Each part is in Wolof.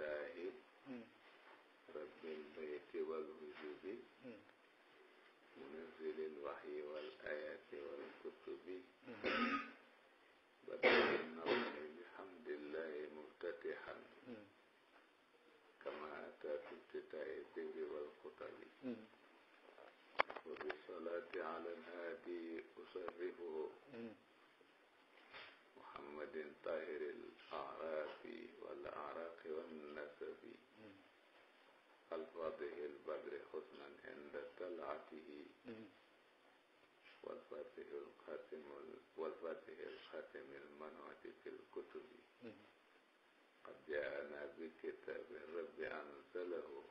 lillahi hmm. rabbil bayti wal wujubi hmm. munazilil wahyi wal ayati wal kutubi hmm. badal nawmi bihamdillahi muftatihan kama atati ibtitai dibi wal kutabi wa bisalati ala alhadi usarrifuhu muhammadin tahiril araa wal fatihil xatimil wal fatihil xatimil manuti fil kutubi qad jaana bi kitabi rabbi anzalahu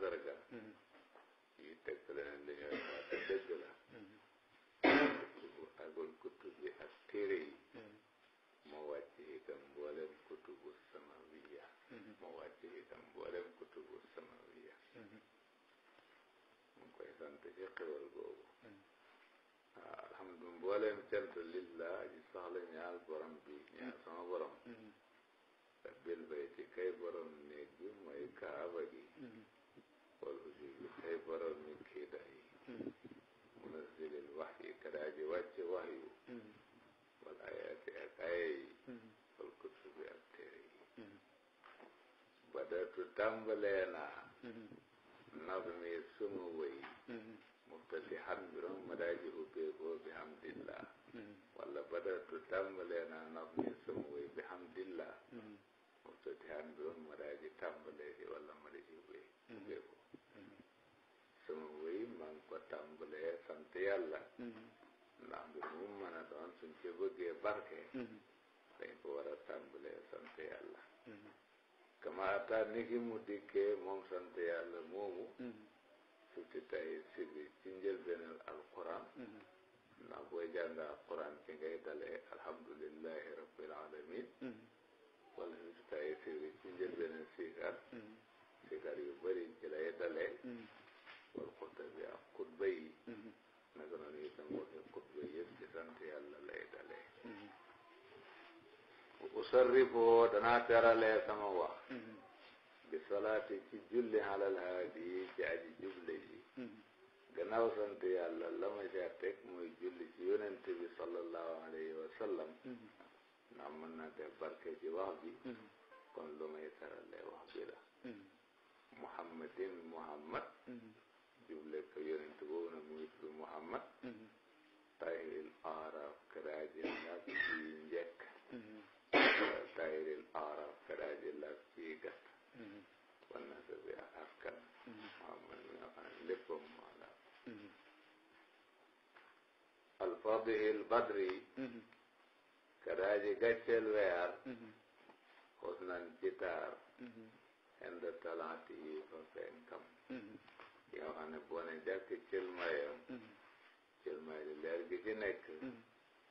màndarga yi mm-hmm. teg leneen li ñooy wax te dëgg la mm-hmm. kutubu agul kutubi ak téere yi moo mm-hmm. wàcce itam mboolem kutubu samawiya moo wàcce itam mboolem kutubu samawiya mu koy sant ci xewal googu waaw alhamdu mboolem cant lillah ji soxla ñaal borom bi ñaal sama borom te bil bay kay borom néeg bi mooy kaaba tàmbalee naa mhm. naf mi suma wëy mhm. muftatihan birom ma daa ji ubbeekoo bi hamdillah mhm. walla badatu tàmbalee naa naf mi suma bi hamdillah muftatihan birom walla ma daa ji ubbeekoo suma wëy maa yàlla doon suñ ci bëggee barke dañ ko maata ni ki mu dikkee moom sant yàlla moomu su ti tay si bi ci njëlbeenal alquran ndax booy jàng alquran ci ngay dalee alhamdulillahi rabbil alamin wala su ti tay si bi ci njëlbeenal sikar sikar yu bëri ci lay dalee wal xutta bi ak xutba yi naka noonu itam waxee xutba yëpp ci sant yàlla usarrifoo danaa teralee sama wax mm-hmm. bi salaati ci julli alal haadi ci aji juble ji mm-hmm. gannaaw sant yàlla la ma ca teg mooy julli ci yonent bi sallallahu alayhi wa sallam mm-hmm. ndax mën na def barke ci wax bi kon lu may teralee wax bi la muhammadin muhammad juble ko yonent boobu na muy tudd muhammad tahil araf karaajin ak ci njëkk sayirin arab kadaaji laf ci gàtt wan na sa bi askan maa mooy mi nga xam ne léppam moo daal alfadihil badri kadaaji gàcceel weer xusnan ci taar xend talaati yi fa fenkam yi nga xam ne boo ne jàkk cëlmayam cëlmay li leer gi ci nekk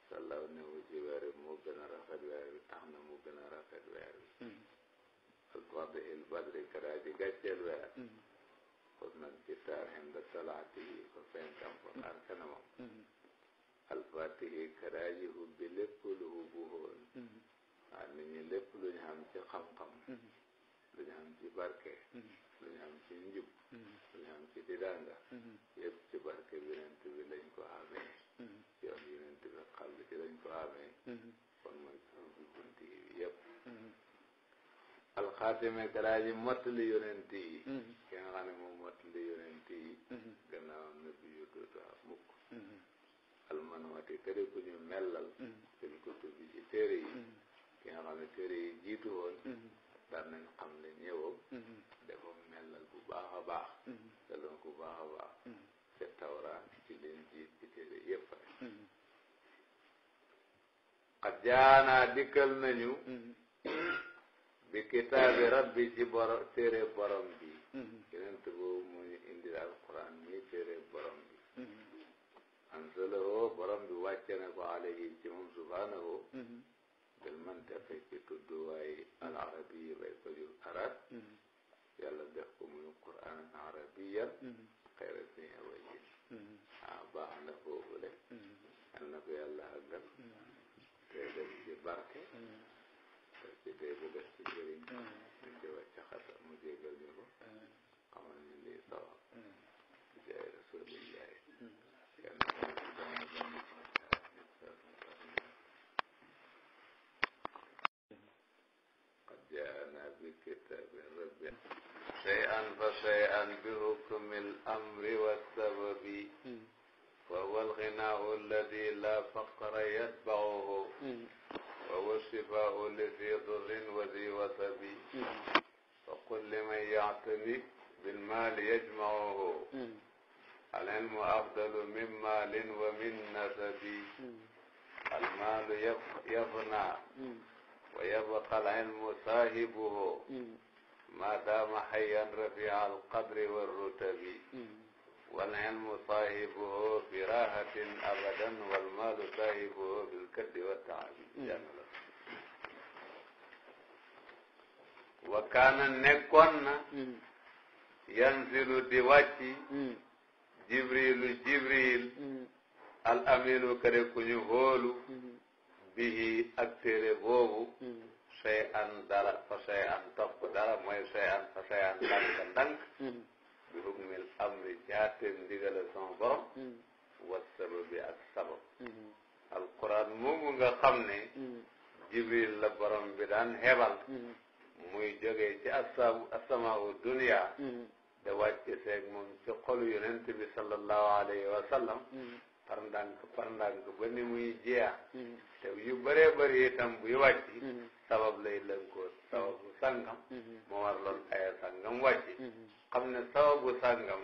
salaw ne mu ci weer moo gën a rafet weer tax na mu gën a rafet weer wi hmm. al fadhi il badri kadaa ji gàcceel weer xus hmm. nag ci taar inda salaati yi fenkam fa hmm. xaar kanamam al fatihi hubbi lépp lu hubbu hoon waa ñi lépp lu ñu xam ci xam-xam lu ñu xam ci barke lu ñu xam njub lu ñu xam ci didanga yëpp barke bi nent bi lañ ko amee yoon xam lañ ko amee kon mooy sunu bunti yi yëpp alxaatime garaaji mottali yonent yi ki nga xam ne moom mottali yonent yi gannaawam na bi yu dootu am mukk almanwati këri ku ñu mellal suñ ko tubbi ci téere yi ki nga xam ne téere yi jiitu woon daan nañ xam ne ñëwam dafa mellal bu baax a baax te loon ku baax a baax te tawraat ci leen jiit ci téere yëpp xat jaanaa dikkal nañu mm-hmm. bi kitaabi rabbi ci borom téere borom bi mm-hmm. yenent boobu moo ñu indil alquran muy téere borom bi mm-hmm. anzalahu borom bi wàcce na ko alayhi ci moom subhanahu bil mantiqi ci tudduwaay al arabiya bay ko jur arab yàlla def ko muy quran arabiya xayra fi awajin ah baax na foofu le yal na ko yàlla àggal dee def ci barke te ci dee bu def ci jëriñ te ci wàcce xata mu jégal ñu ko xamal ñu lii sabab di jaay rasulillahi kenn qad jaana bi kitabi rabbi shay'an fa shay'an bi hukmi al amri wa sababi wa huwa al-ghinaa allazii laa faqra yatba'uhu wa huwa ash-shifaa'u li zii durrin wa zii wasabi fa qul liman ya'tamik bil-maali yajma'uhu al-'ilmu afdalu min maalin wa min nasabi al-maalu yafnaa wa yabqa al-'ilmu saahibuhu maa daama hayyan rafii'a al-qadri wa-r-rutabi wal ilmu saahibuhu bi raahatin abadan wal maalu saahibuhu bil kaddi wa taabi wa kaana nekkoon na yanzilu di wàcci jibrilu jibril al aminu kare ku ñu hóolu bihi ak téere boobu shay an dara fa shay an topp dara mooy shay an fa shay an ndànk ndànk bi hukmil amri jaateem ndigale sama borom mm. wa sababi ak sabab mm-hmm. alquran moomu nga xam ne mm. jibril la borom bi daan hebal mm-hmm. muy jógee ci asaabu asamaawu duniya da mm-hmm. wàcc seeg moom ci xolu yonent bi sallallahu alayhi wa sallam ndànk par ndànk ba ni muy jeex hmm. te yu bëree bëri itam buy wàcc hmm. sabab lay lënkoon sababu sàngam hmm. moo war loon aya sàngam wàcc xam ne sababu sàngam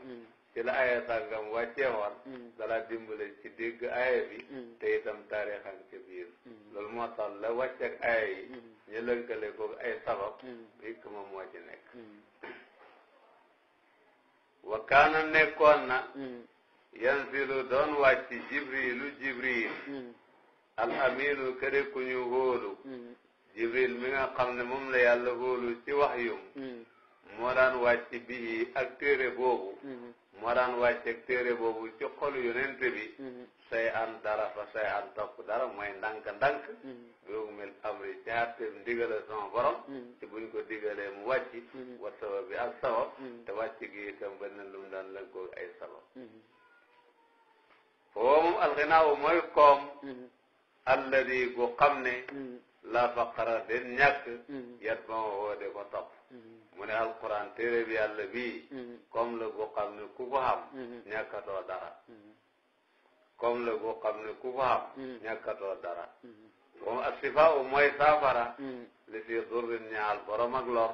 ci la aya sàngam wàccee woon dala dimbale ci dégg aya bi te itam taarixam ci biir loolu moo aya yi ñu lënkale ko sabab bi kuma moo ci nekk wa yanzilu doon wàcc jibrilu jibril hmm. al aminu kër ku ñu hmm. jibril mi nga xam ne moom la yàlla hóolu ci wax yum hmm. moo daan wàcc bii ak téere boobu moo daan wàcc ak téere boobu ci xolu yonent bi say an dara fa say an topp dara mooy ndànk ndànk boobu mel amri ci àtteem ndigale sama borom te buñ ko digalee mu wàcc wa sabab bi ak sabab te wàcc gi itam benn lu mu daan lënkoog ay sabab foo moom alxinaaw koom mm-hmm. alladi gu xam ne mm-hmm. la faqara den ñàkk mm-hmm. yat ma woo de ko topp mu ne alquran téere bi yàlla bii koom la gu xam ne ku ko xam ñàkkatoo dara koom la gu xam ku ko xam ñàkkatoo dara moom asifa u mooy li si durrin ñaal borom ak lor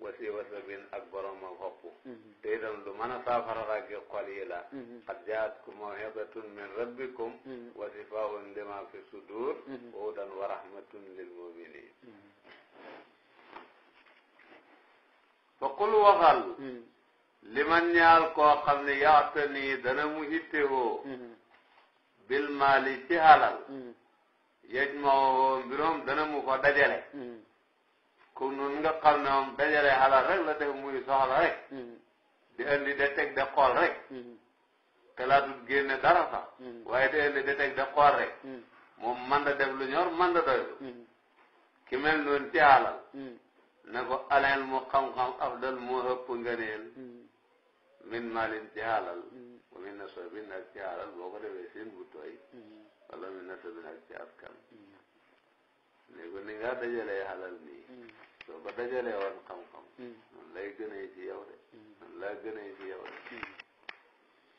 wasi wasabin ak borom ak xopp mhm. te itam lu mën a saafara raggi xol yi la xad mhm. jaatkum mawhibatun min rabbikum mhm. wa sifaahun lima fi sudur wa hudan wa rahmatun lil muminin fa qul waxal liman ñaal koo xam ne yaata nii dana mu hittewoo bil maali ci halal yej ma woo mbiroom dana mu ko dajale comme noonu nga xam ne moom dajale xalaat rek la def muy soxla rek mm-hmm. di indi de de xool rek mm-hmm. te génne dara sax mm-hmm. waaye di indi de de xool rek moom man da def lu ñor man da doylu ki mel noonu ci alal na ko aleel mu xam-xam afdal moo ëpp ngëneel min maalin ci alal wa min nasabin ak ci alal boo ko defee seen bu tooy wala min nasabin ak ci askan ne ko ni nga dajalee alal soo ko dajalee woon xam-xam mm. noonu lay gënee ci yow de mm. noonu laa gënee ci yow de mm.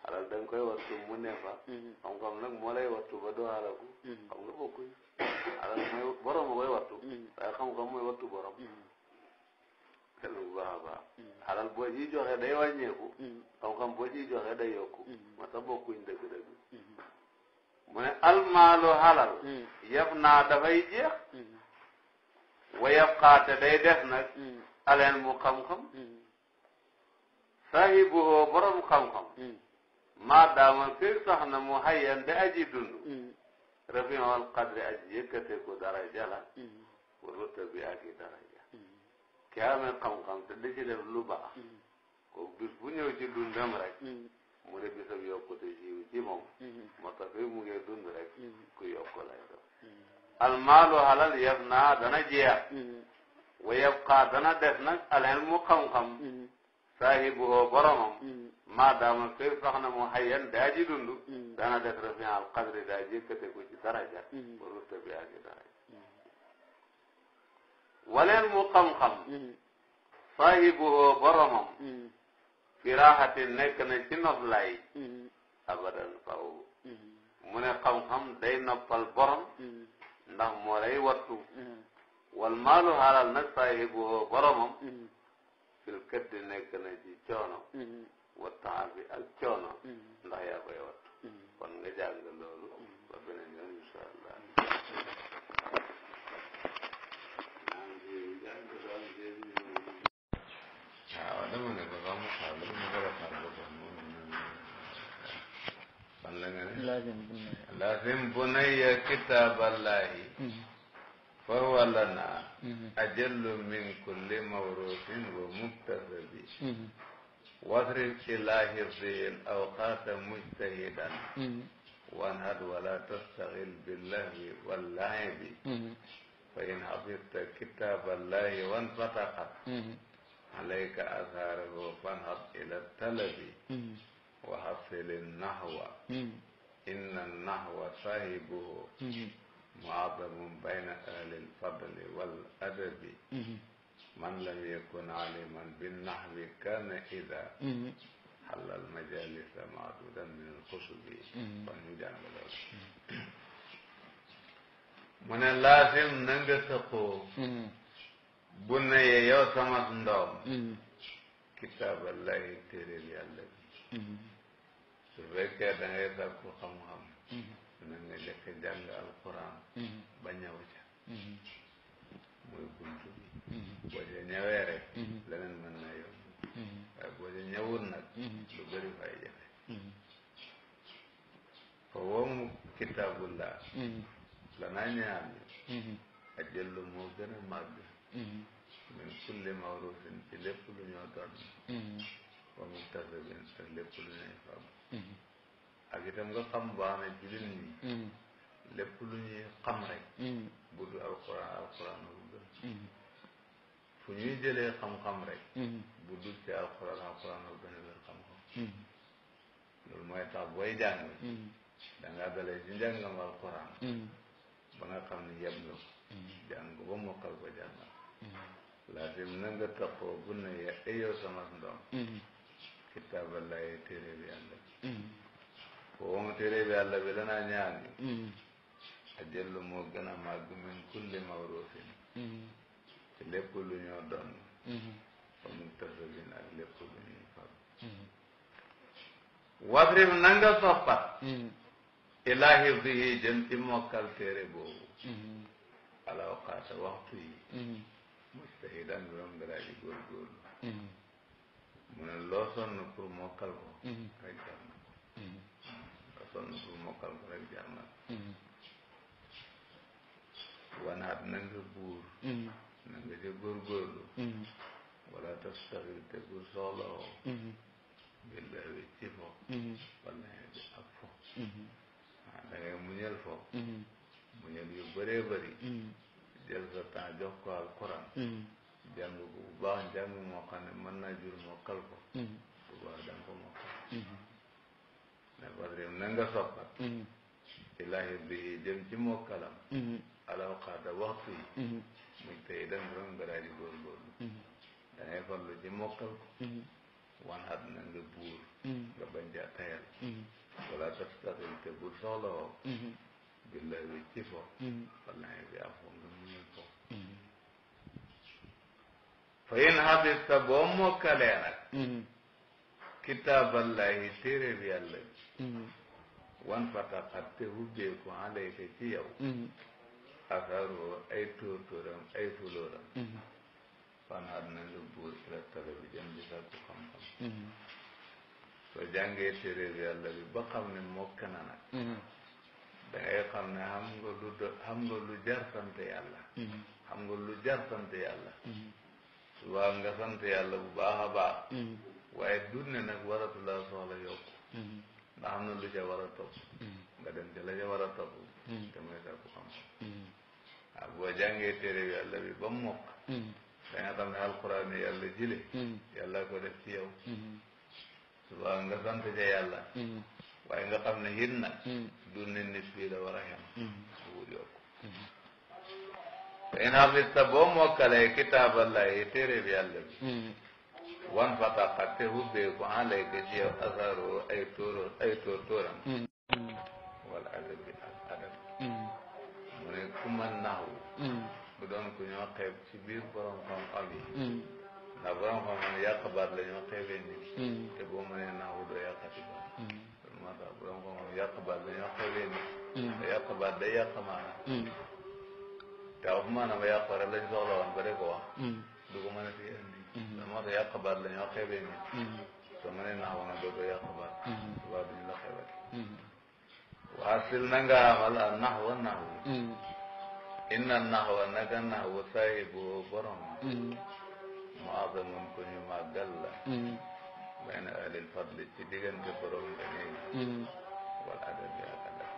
xalal da nga koy wattu mu ne fa xam-xam nag moo lay wattu ba doo xalaku xam nga bokkuñ xalal mooy borom a koy wattu waaye xam-xam mooy wattu borom xel bu baax a baax xalal boo ciy joxe day wàññeeku xam-xam boo ciy joxe day yokku moo tax bokkuñ dëgg-dëgg mu ne almaalu xalal yëf naa dafay jeex wa yabqaate day def nag hmm. aleen mu xam-xam hmm. saahibuhoo borom xam-xam hmm. maadaama fii sax na mu hayyan de aji dund rafiul qadri aji yëkkate ko daraja la wa rutabi ak i daraja ki amee xam te di ci def lu baax ko bis bu ñëw ci dundam rek mu ne bisam yokkute jiw ci moom moo tax fi mu ngi dund rek ku yokk lay doon almaalu halal yafnaa dana jeex wa yabqaa dana des nag alilmu xam-xam saahibuhu boromam maadaama fii sax na mu hayyan daa ji dund dana des rafin al qadri daa ji yëkkate ko ci daraja wa rutabia ci daraja waleel mu xam-xam saahibuhu boromam firaaxati nekk na ci noflaay abadan faw mu ne xam-xam day noppal borom ndax moo lay wattu mm-hmm. wal maalu xaalal nag saahibu boromam mm-hmm. fil këdd nekk na ci coono mm-hmm. wattaan bi ak coono ndax yaa wattu kon nga jàng loolu ba beneen yoon insha allah waaw dama ne ko ba mu xaar am na nga ne lazim bu nayya kitaaballahi mm-hmm. fa huwa lana mm-hmm. ajallu min kulli mawrusin wa muktasabi mm-hmm. wasrif ila hirsihi l awqaata mujtahidan wanhad wala tastaxil billahwi wallahibi fa in xafidta kitaaballahi wanfataqat alayka azhaarahu fanhad ila talabi wa xasilin nahwa hmm. inna nahwa saahibuhu hmm. muadamun bayna ahlil fadli wal adabi hmm. man lam yakun aliman bin nahwi kana ida xallal majalisa maadudan min al xusubi kon ñu jàng lool mu ne laasim na nga sëqoo bu neye yow sama ndoom kitaaballahi téereel yàlla bi su fekkee da ngay dàkku xam-xam na nga jëkk jàng alquran ba ñëw mooy buntu boo ca ñëwee rek leneen na yomb waaye boo ca ñëwul nag lu bëri fay jafe fa woomu kitaabullah lanaa ñaar ñi min kulli mawrufin ci lépp lu ñoo doon wa mustafidin ak lépp lu ñuy fab ak itam nga xam baax lu ñuy xam rek bu dul alquran alquran ko gën jëlee xam-xam bu dul ci alquran alquran ko gën a wér xam-xam loolu mooy tax booy jàng dangaa dalee ci ba nga xam ne yeb nga ko jàng ba mokkal ko jàngal laatim na nga tappoo bu ne ya eyow sama ndoom kitaaballahi mm-hmm. téere bi yàlla bi foo bi yàlla bi danaa ñaan ni ajallu moo mm-hmm. gën a màgg min kulli mawrusin ci lu ñoo doon wa muktasabin ak lépp lu ñuy fab wasrif na nga soppat ilaahi bihi jëm ci mokkal téere boobu alaw waxtu yi mustahidan borom nga daal di mu ne loo sonn pour mokkal ko rek jar na loo sonn pour rek jar na wanaat na nga buur na nga wala tastaxil te bul soxla woo billahi ci fo bi ak fo ah da ngay muñal fo muñal yu bëree bëri jël jàng ko bu baax njàng moo xam ne mën naa jur mokkal ko mm-hmm. bu baax da nga ko mokkal mm-hmm. ne badrim na nga mm-hmm. ilaahi bi jëm ci mokkalam alaw xaada waxtu yi muy tey dem rom nga daal di góorgóorlu da ngay farlu ci mokkal ko wan xat na nga buur nga bañ ca tayal wala tastatil te bul soxla woo billahi wi ci fo wala nga fi fa in xafista boo mokkalee nag kitaaballahi téere bi yàlla bi wan fataxat te hubbeeku alayka ci yow asaroo ay tóortóoram ay fulóoram fan xat na lu buur ila tala bi jëm di sàkku xam-xam soo jàngee bi yàlla bi ba xam ne mokk na da ngay xam ne xam nga jar sant yàlla xam nga jar sant yàlla su nga sant yàlla bu baax a baax mm-hmm. waaye dunne nag waratu laa soxla yokk mm-hmm. ndax am na lu ja war a topp mm-hmm. nga dem ca la ca war a topp te muy sàkku xam waaw boo jàngee bi yàlla bi ba mu mokk da nga xam ne jile yàlla ko def ci yow su baa nga sant ca yàlla waaye nga xam ne it nag dunne nit fii la war a in hafista boo mokkalee kitaab allahi téere bi yàlla bi wan fataqa te hubbeeku an lay ka ci yow ay tóoro ay tóortóoram wala adabi ak adab hmm. mu ne ku hmm. bu doon ku ñoo xeeb ci biir borom xam-xam yi hmm. ndax borom xam-xam yàq baat la ñoo xeebee nit te boo mënee naxwu doo yàqati baat te waxumaa ba yàq rek lañ soxla woon ba de ko wax. du ko mën a fi indi. loolu moo tax yàq baat la ñoo xeebee nit. soo mënee naa woon doo doo yàq baat. waaw duñu la xeebati. waasil na nga amal a naxwa naxwu. inna naxwa naka naxwu saahibu borom. mu azamun ku ñu màggal la. bayna alil fadli ci diggante borom nga nii. wala adab bi ak adab.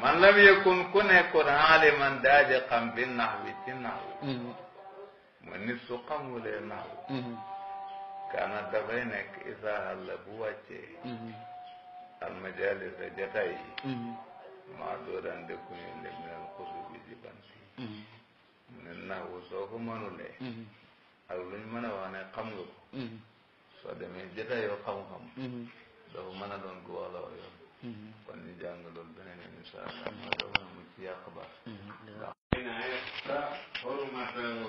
man lam yakun ku nekkul aaliman daaji xam bi nax bi ci nax bi mhm. mu nit su xamulee nax bi mhm. kaana dafay nekk isaaha la bu wàccee mhm. almajalis a jataay yi maa dooran de ku ñu le minal xusu bi ji banti mu ne nax bu soo ko mënulee ak lu ñu mën a wax ne xam nga ko soo demee jataay yoo xam-xam dafa mën a doon ku wax la wax yoon Mm-hmm. kon ñu jàng loolu beneen yoon incha allah ma doon mu ci yàq ba ta hurmatahu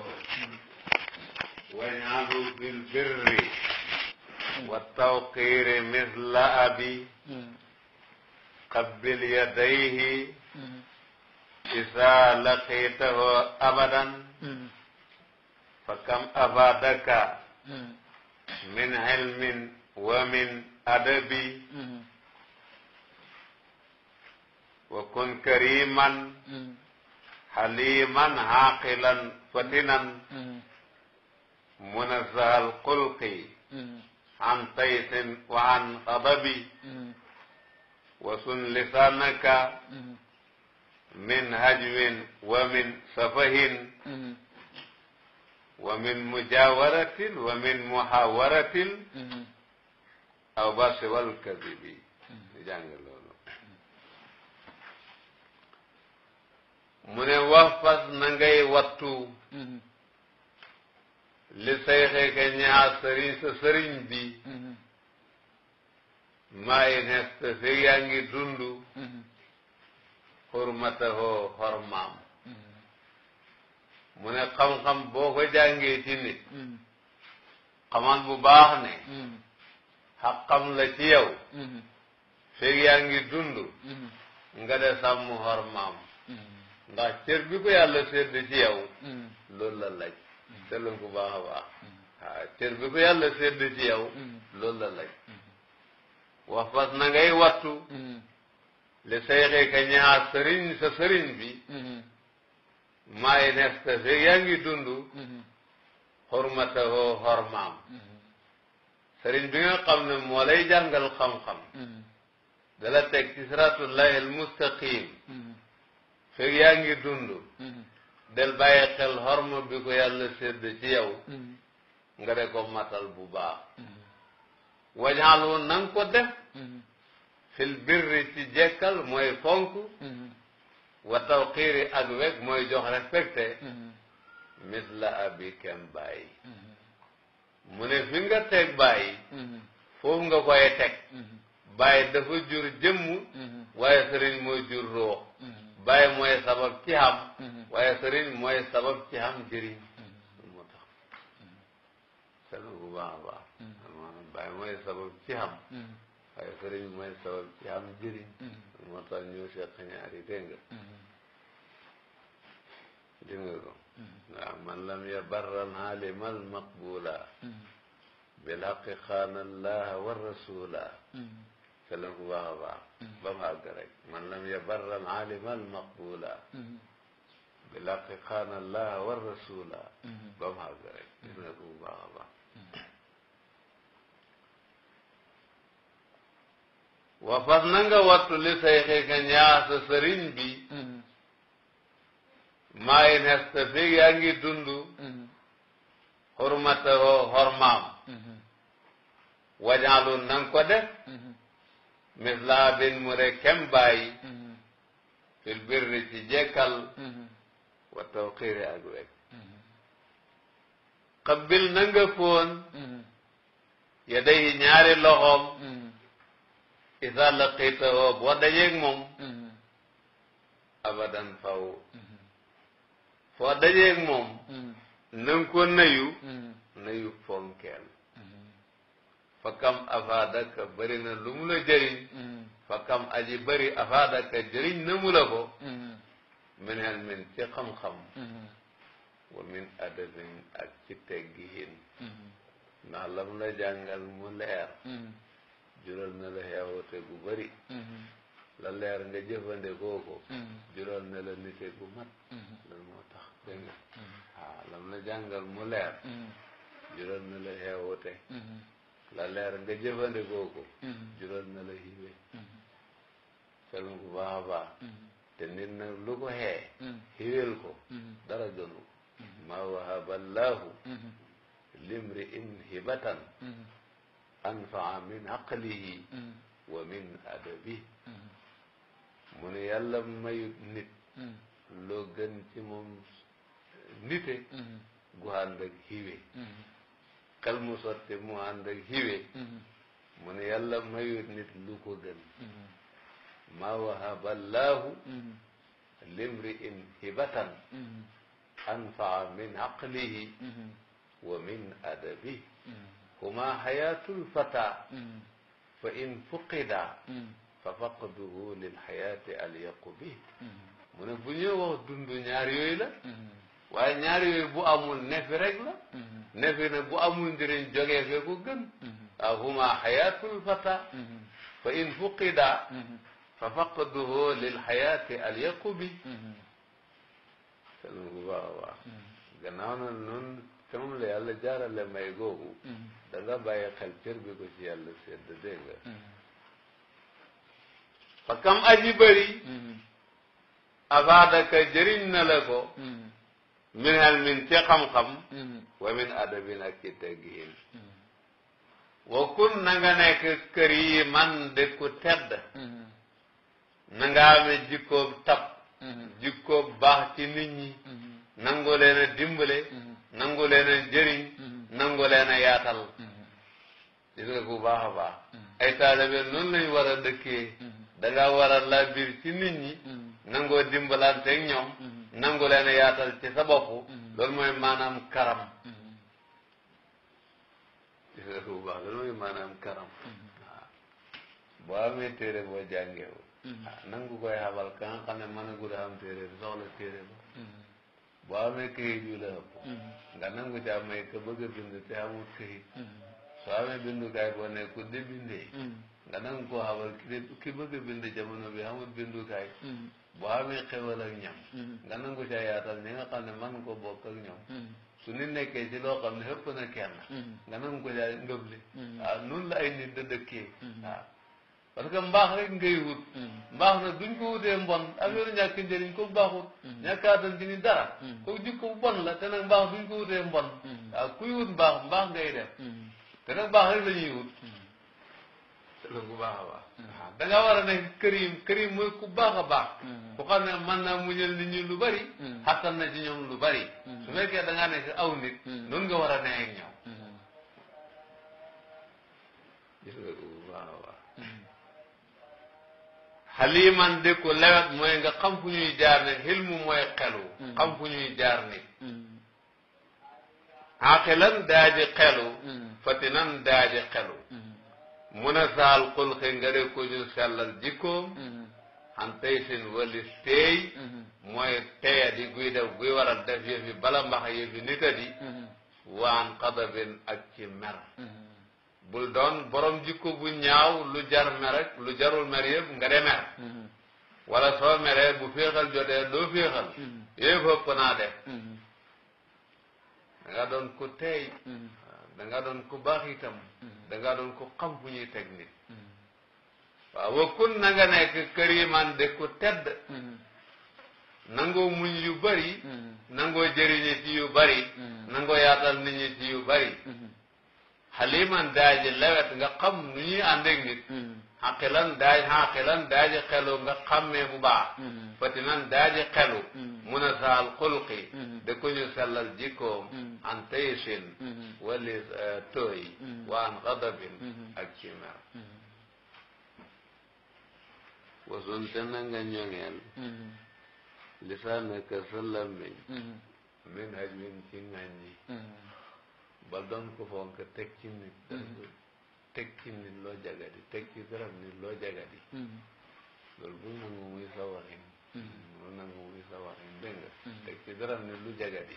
wañaalu bil birri mm-hmm. wa tawqiri misla abi mm-hmm. qabbil yadayhi isa laqitahu abadan fa kam abadaka min ilmin wa min adabi wa kun kariman hmm. haliman haqilan fatinan hmm. munazzahal xulqi hmm. an taysin wa an ghadabi wa sun lisanaka min hajwin wa min safahin wa min mujawaratin wa min muhawaratin aw basiwal kadibi jàngal mu ne wax fas na ngay wattu mm-hmm. li say xeeke ñaar sëriñ sa sëriñ bi mm-hmm. maa yi nes te fii yaa ngi dund mm-hmm. xurmatahoo xormaam mu ne xam-xam boo ko jàngee ci nit xamal bu baax ne xaqam la ci yow yaa ngi dund nga de sàmm xormaam ndax cër bi ko yàlla sédd ci yow mm. loolu la laaj seetlu mm. ko baax a baax mm. waaw cër bi ko yàlla sédd ci yow loolu la laaj wax fas na ngay wattu li sayxee ka ñaar sëriñ sa sëriñ bi mm-hmm. maa yi nekk sa feeg yaa ngi dund mm-hmm. xormata hoo mm-hmm. bi nga xam ne moo lay jàngal xam-xam dala teg ci siratullahi al mustaqim fekk yaa ngi dund mhm. del bàyyi xel xorma bi ko yàlla sédd ci yow mhm. nga de ko matal bu baax mhm. wañaalu na nga ko def fil birri ci jekkal mooy fonk wa tawqiiri ak weg mooy jox respecté misla abi kem bàyyi mu ne fi nga teg bàyyi foofu nga koy teg bàyyi dafa jur jëmm waaye sëriñ mooy jur ruux bàyyi mooy sabab ci xam mm-hmm. waaye sëriñ mooy sabab ci xam jëriñ mm-hmm. moo tax seetlu bu baax a baax mm-hmm. maanaam bàyyi mooy sabab ci xam waaye sëriñ mooy sabab ci xam jëriñ moo tax ñoo seq ñaari dégg nga dégg nga ko waaw man lam yabarran haalimal maqbula bil haqqi xaana allaha wa rasula xelam bu baax a baax mm-hmm. ba mu àgg rek man lam yabarran aliman maqbula mm-hmm. bi laqi xaana allaha wa rasula mm-hmm. ba mu àgg rek gis na ko bu baax a baax wa fas na nga wattu li say xeeka ñaasa sëriñ bi maa yi nes te feeg yaa ngi dund xurmata woo xormaam wajaalu na nga ko def mislaa bin mu rek kem bàyyi mm-hmm. fil birri ci jekkal mm-hmm. wa tawqiire ak wekk xabil mm-hmm. na foon ya day ñaari loxoom isa laqiitawoo boo dajeeg moom abadan faw foo dajeeg moom na ko nayu nayu fonkeel fa kam afaadaka bëri na lu mu la jëriñ mm-hmm. fa kam aji bëri afaadaka jëriñ na mu la ko mm-hmm. min ci xam-xam mm-hmm. wa min adabin ak ci teggiin ndax la la jàngal mu leer jural na la xeewate gu bëri la leer nga jëfandikoo ko jural na la nite gu mat lan la mu mu leer jural na la xeewate la leer nga jëfandikoo ko mm-hmm. jural na la xiwe selma bu baax a mm-hmm. te nit nag lu ko xee mm-hmm. xiwel ko dara gënu ma wahaballahu limri in hibatan anfaa min aqlihi wa min adabi mu ne yàlla mayut nit loo gën ci moom gu ànd ak xel mu sotti mu ànd ak hiwe mu ne yàlla mayut nit lu ko gën maa wahaba llaahu limri in hibatan anfaa min aqlihi wa min adabi huma hayatul fata fa in fuqida fa faqduhu lil hayati alyaqu bi mu ne bu ñuy wax dund ñaar yooyu la waaye ñaar yooyu bu amul nefi rek la mhm. nefi nag bu amul njëriñ mhm. fata mhm. fa in fuqida fa faqduhu lil xayaati al yaqubi selm bu baax a baax gannaaw na noonu te may googu da nga bàyyi bi ko yàlla sedd dégg nga fa kam aji bëri afaadaka jëriñ na la min helmin ci xam-xam mm. wa min adabin ak ci teggiin mm. wa kun na nekk kër yi man de ku tedd mm. na nga amee jikkoob tab jikkoob baax ci nit ñi nangu leen a dimbale nangu leen a jëriñ nangu leen a yaatal gis nga ku baax a baax ay taalibe noonu lañ war a dëkkee da nga war a labir ci nit ñi nangoo dimbalante ak ñoom nangu leen yaatal ci sa bopp loolu mooy maanaam karam bu baax loolu mooy maanaam karam amee téere boo jàngeewu hmm. nangu koy xabal ka nga xam ne mën agul a am téere bi soxla téere ba hmm. boo amee këyit yu la ëpp hmm. nga nangu ca may ka bëgg a bind te amul këyit soo amee bindukaay boo ne ku di bindee nga nangu koo xabal ki ki bëgg a bind jamono bi amul boo amee xéwal ak ñam. nga nangu ca yaatal ñi nga xam ne man nga ko bokk ak ñoom. su nit nekkee ci loo xam ne ëpp na kenn. nga nangu ko ca ngëb li. ah noonu la ay nit da dëkkee. waaw parce que mbaax rek ngay wut. mbaax na duñ ko wutee mbon affaire ñàkk njëriñ ko baaxut. ñàkkaatal ci ni dara. ko jikko ko bon la te nag mbaax duñ ko wutee mbon. waaw kuy wut mbaax mbaax ngay def. te nag mbaax la ñuy wut. loolu bu baax a baax. waaw da nga war a nekk kërim mooy ku baax a baax. Hmm. ku xam ne mën naa muñal nit ñi lu bari. Hmm. xattan na ci ñoom lu bari. Hmm. su fekkee da ngaa nekk aw nit. noonu nga war a nee ak ñoom. gis nga bu lewet mooy nga xam fu ñuy jaar ne xilmu mooy xelu. xam fu ñuy jaar nit. aqilan daaji xelu. fatinan daaji xelu. mun a saal xulxi nga de ko ñu sellal jikkoom mm-hmm. xam tey seen teey mm-hmm. mooy teya di guy def guy waral def yëfi bala mbax yëfi nita di mm-hmm. waan xadabin ak ci mer bul doon borom jikko bu ñaaw lu jar mer lu jarul mer yëpp nga de mer wala soo meree bu féexal jotee doo féexal yëpp ëpp naa def danga doon ku teey danga doon ku baax itam mm-hmm. da ngaa doon ku xam fu ñuy teg nit mm-hmm. waaw wa kun na nga nekk kariman de ku tedd mm-hmm. nangoo muñ yu bari nangoo jëriñe ci yu bari nangoo yaatal nit ñi ci yu bari xaliman daaji lewet nga xam nu ñuy àndeeg nit xaqilan daaj xaqilan daaji xelu nga xàmmee bu baax mm-hmm. fatinan daaji xelu mm-hmm. mun a saal xulqi mm-hmm. da ku ñu sellal jikkoom an taysin wali eh, tooy wa an xadabin ak ci mer wasunte na nga ñoŋeel lisaanaka sa lammiñ min hajwin ci ŋàññi ba doon ko fonk teg ci nit tekki nit loo di tekki garab nit loo jagadi hmm. loolu bu nangu muy sa waxin hmm. bu nangu muy sa waxin dégg nga hmm. tekki garab nit lu jagadi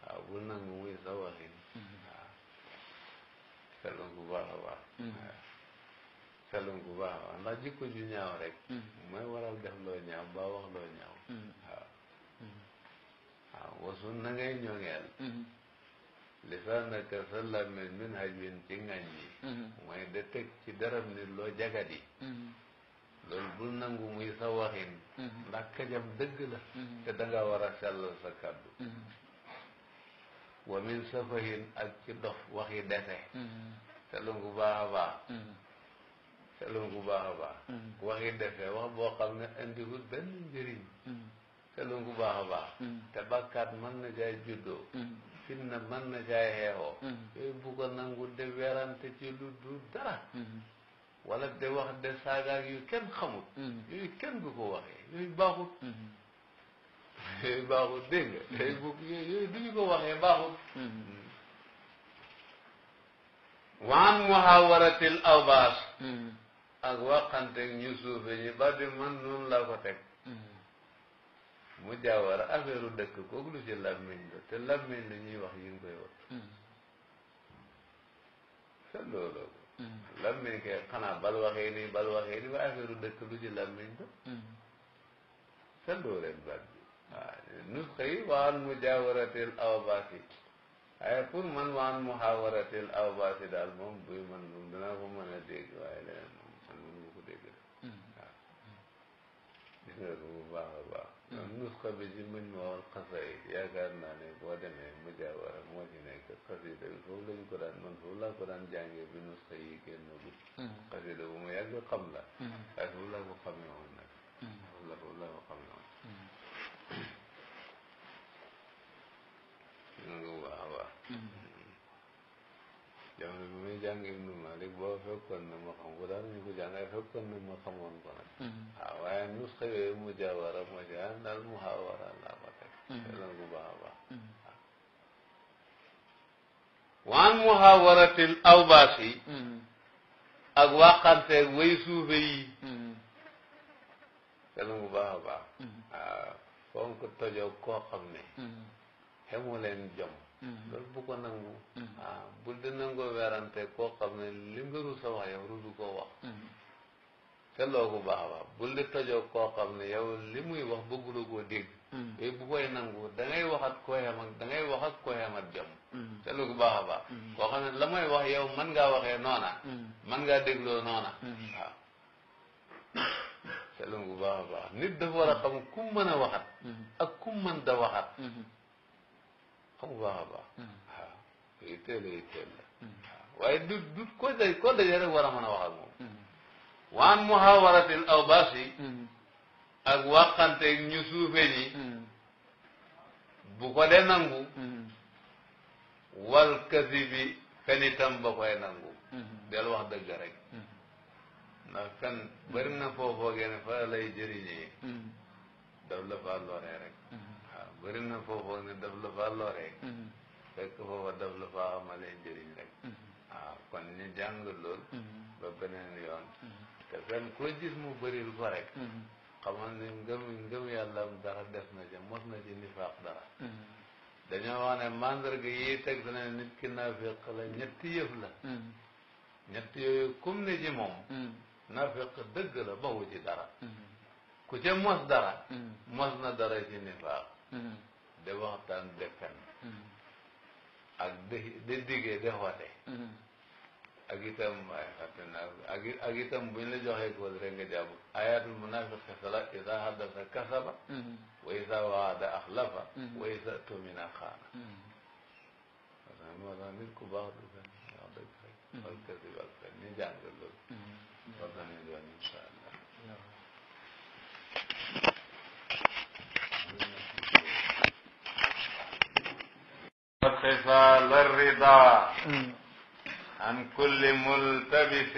waaw bu nangu muy sa waxin waaw selum bu baax a baax selum bu baax a baax ndax ñaaw rek mooy waral def loo ñaaw mbaa wax loo ñaaw waaw waaw wasu na ngay ñoŋeel lisaanaka sa làmmiñ min hajwin ci ngañ yi mm-hmm. mooy da teg ci daram nit loo jagadi mm-hmm. loolu bul nangu muy sa waxin mm-hmm. ndax kajam dëgg la te danga war a sellal sa kàddu wa min safahin ak ci dof waxi dese selum ku baax a ku baax a baax waxi wax boo xam ne indiwul benn njëriñ selum ku baax a baax te bàkkaat mën na jaay juddoo na mën na jaay xeexoo yooyu bu ko nangu de werante ci lu du dara wala de wax de saagaak yu kenn xamul yooyu kenn du ko waxee yooyu baaxut yooyu baaxut dégg nga yooyu bu yooyu du ñu ko waxee baaxut waan muhawaratil awbaas ak waxante ñu suufe ñi ba di man noonu laa ko teg mu jaawara affaire dëkk kooku lu ci làmmiñ te làmmiñ la ñuy wax yi nga koy wattu te mm. loolu mm. làmmiñ kay xanaa bal waxee nii bal waxee nii waaye affaire dëkk lu ci làmmiñ la te mm. looleen baat bi waaw nusxa yi waan mu jaawaratil awbaasi waaye pour man waan mu xaawaratil awbaasi daal moom buy man moom danaa ko mën a dégg waaye leneen moom man mënu ma ko dégg de waaw gis nga ko bu baax baax nusxa bi ci muñ ma woon xasayid yaakaar naa ne boo demee mujaawara moo ci nekk xasida bi foofu lañ ko daan man foofu laa ko daan jàngee bi nusxa yi génn gu xasida bu mu yàgg xam la waaye foofu laa ko xamee woon nag foofu la foofu laa ko jamono bi muy jàng Ibnu Malik boo fekkoon ne ma xam ko daal ñu ko jàngee fekkoon ne ma xamoon ko nag. waaw nusxa yooyu mu jawara ma jaan daal mu xawara laa ko teg. xelal bu baax mu xawaratil awbaas yi. ak waxanteeg way suufe yi. xelal bu baax a jom. loolu bu ko nangu waaw bul di nangoo werante koo xam ne wax yow rusu koo wax te loo ko baax a baax bul ne yow li muy wax bëgguloo koo dégg yooyu bu koy nangu da ngay wax ak koo xem ak da ngay wax ak koo xem ak jom te baax a baax koo xam ne wax yow man ngaa waxee noona man ngaa dégloo noona waaw te lu ko baax a baax nit dafa war a xam mën a waxat man ku da waxat xam bu baax waaye du ko daj ko dajee rek war a waan hmm. muhawaratin aw baas yi. Hmm. ak waxanteeg ñu suufee ñi. Hmm. bu ko dee nangu. wal kasi bi fen itam ba koy nangu. del wax dëgg rek. ndax fen bëri na foofoo gene fa lay jëriñee. daf faa loree rek. bëri na foofu ne daf la faa lore fekk foofa amale njëriñ rek waaw kon ñu jàng lool ba beneen yoon te fenn koo gis mu bëril ko rek xamal ne ngëm ngëm yàllaam dara def na ca mos na ci nifaaq dara dañoo wax ne mandarga yi teg na nit ki naafiq la ñetti yëf la ñett yooyu kum ne ci moom naafiq dëgg la baxu ci dara ku ca mos dara mos na dara ci nifaaq Hmm. de waxtaan de fen hmm. ak de de de xote ak itam ay xote naa ak ak itam buñ la joxee kóol rek nga jàpp ayatul munafiqi sala ku baax du fen wax dëgg rek wal kasib ak fen ñu jàng loolu war nañu doon اتصال الرضا عن كل ملتبس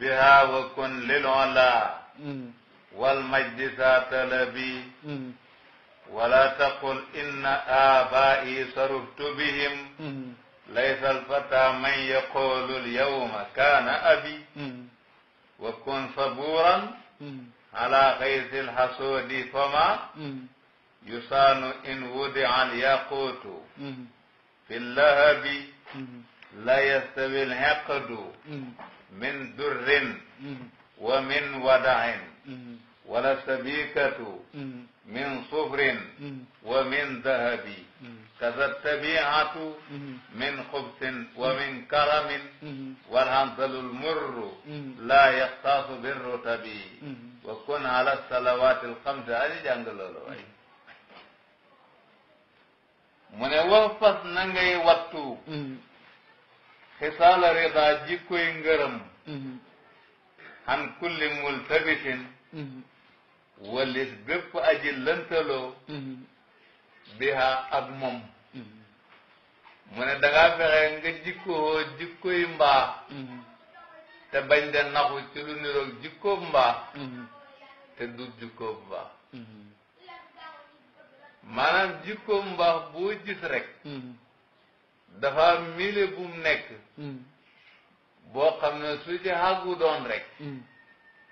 بها وكن للعلا والمجد ساتلبي ولا تقل إن آبائي صرفت بهم ليس الفتى من يقول اليوم كان أبي وكن صبورا على غيث الحسود فما yusaanu in wudi al yaquutu mm-hmm. fi lahabi mm-hmm. la yastawi al haqadu mm-hmm. min durrin wa min wadain wala sabikatu min sufrin wa min dahabi kaza tabiatu min xubsin wa min karamin walhanzalu lmurru la yaxtaasu birrutabi wa kun ala salawati alxamse ali jàng loolu waay mu ne wax fas na ngay wattu mm-hmm. xisaala rida jikkoy ngërëm xan mm-hmm. kulli multabisin mm-hmm. walis bépp aji lëntaloo biha ak moom mu ne danga fexe nga jikkoo jikkoy mbaa te bañ de naxu ci lu niroog jikkoob mbaa te du jikkoob mbaa maanaam jikko mbaax boo gis rek hmm. dafa am mile bu nekk hmm. boo xam ne su ci xàggu rek hmm.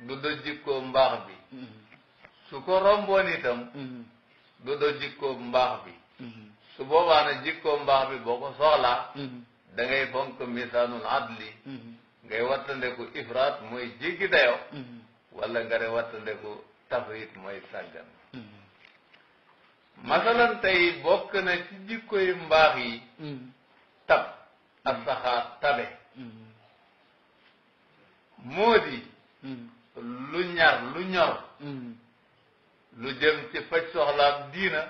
du do jikko mbaax bi su ko romboon itam du do jikko mbaax bi su boobaa nag jikko mbaax bi boo ko soxlaa da ngay fonk misaanul adli ngay wattandeku ifraat mooy jéggi dayo wala nga ne wattandeku tafrit mooy sàggan masalan tey bokk na ci jikkoy mbaax yi mm. tab mm. asaxa tabe mm. moo di lu ñar lu ñor lu jëm ci faj soxlaab diina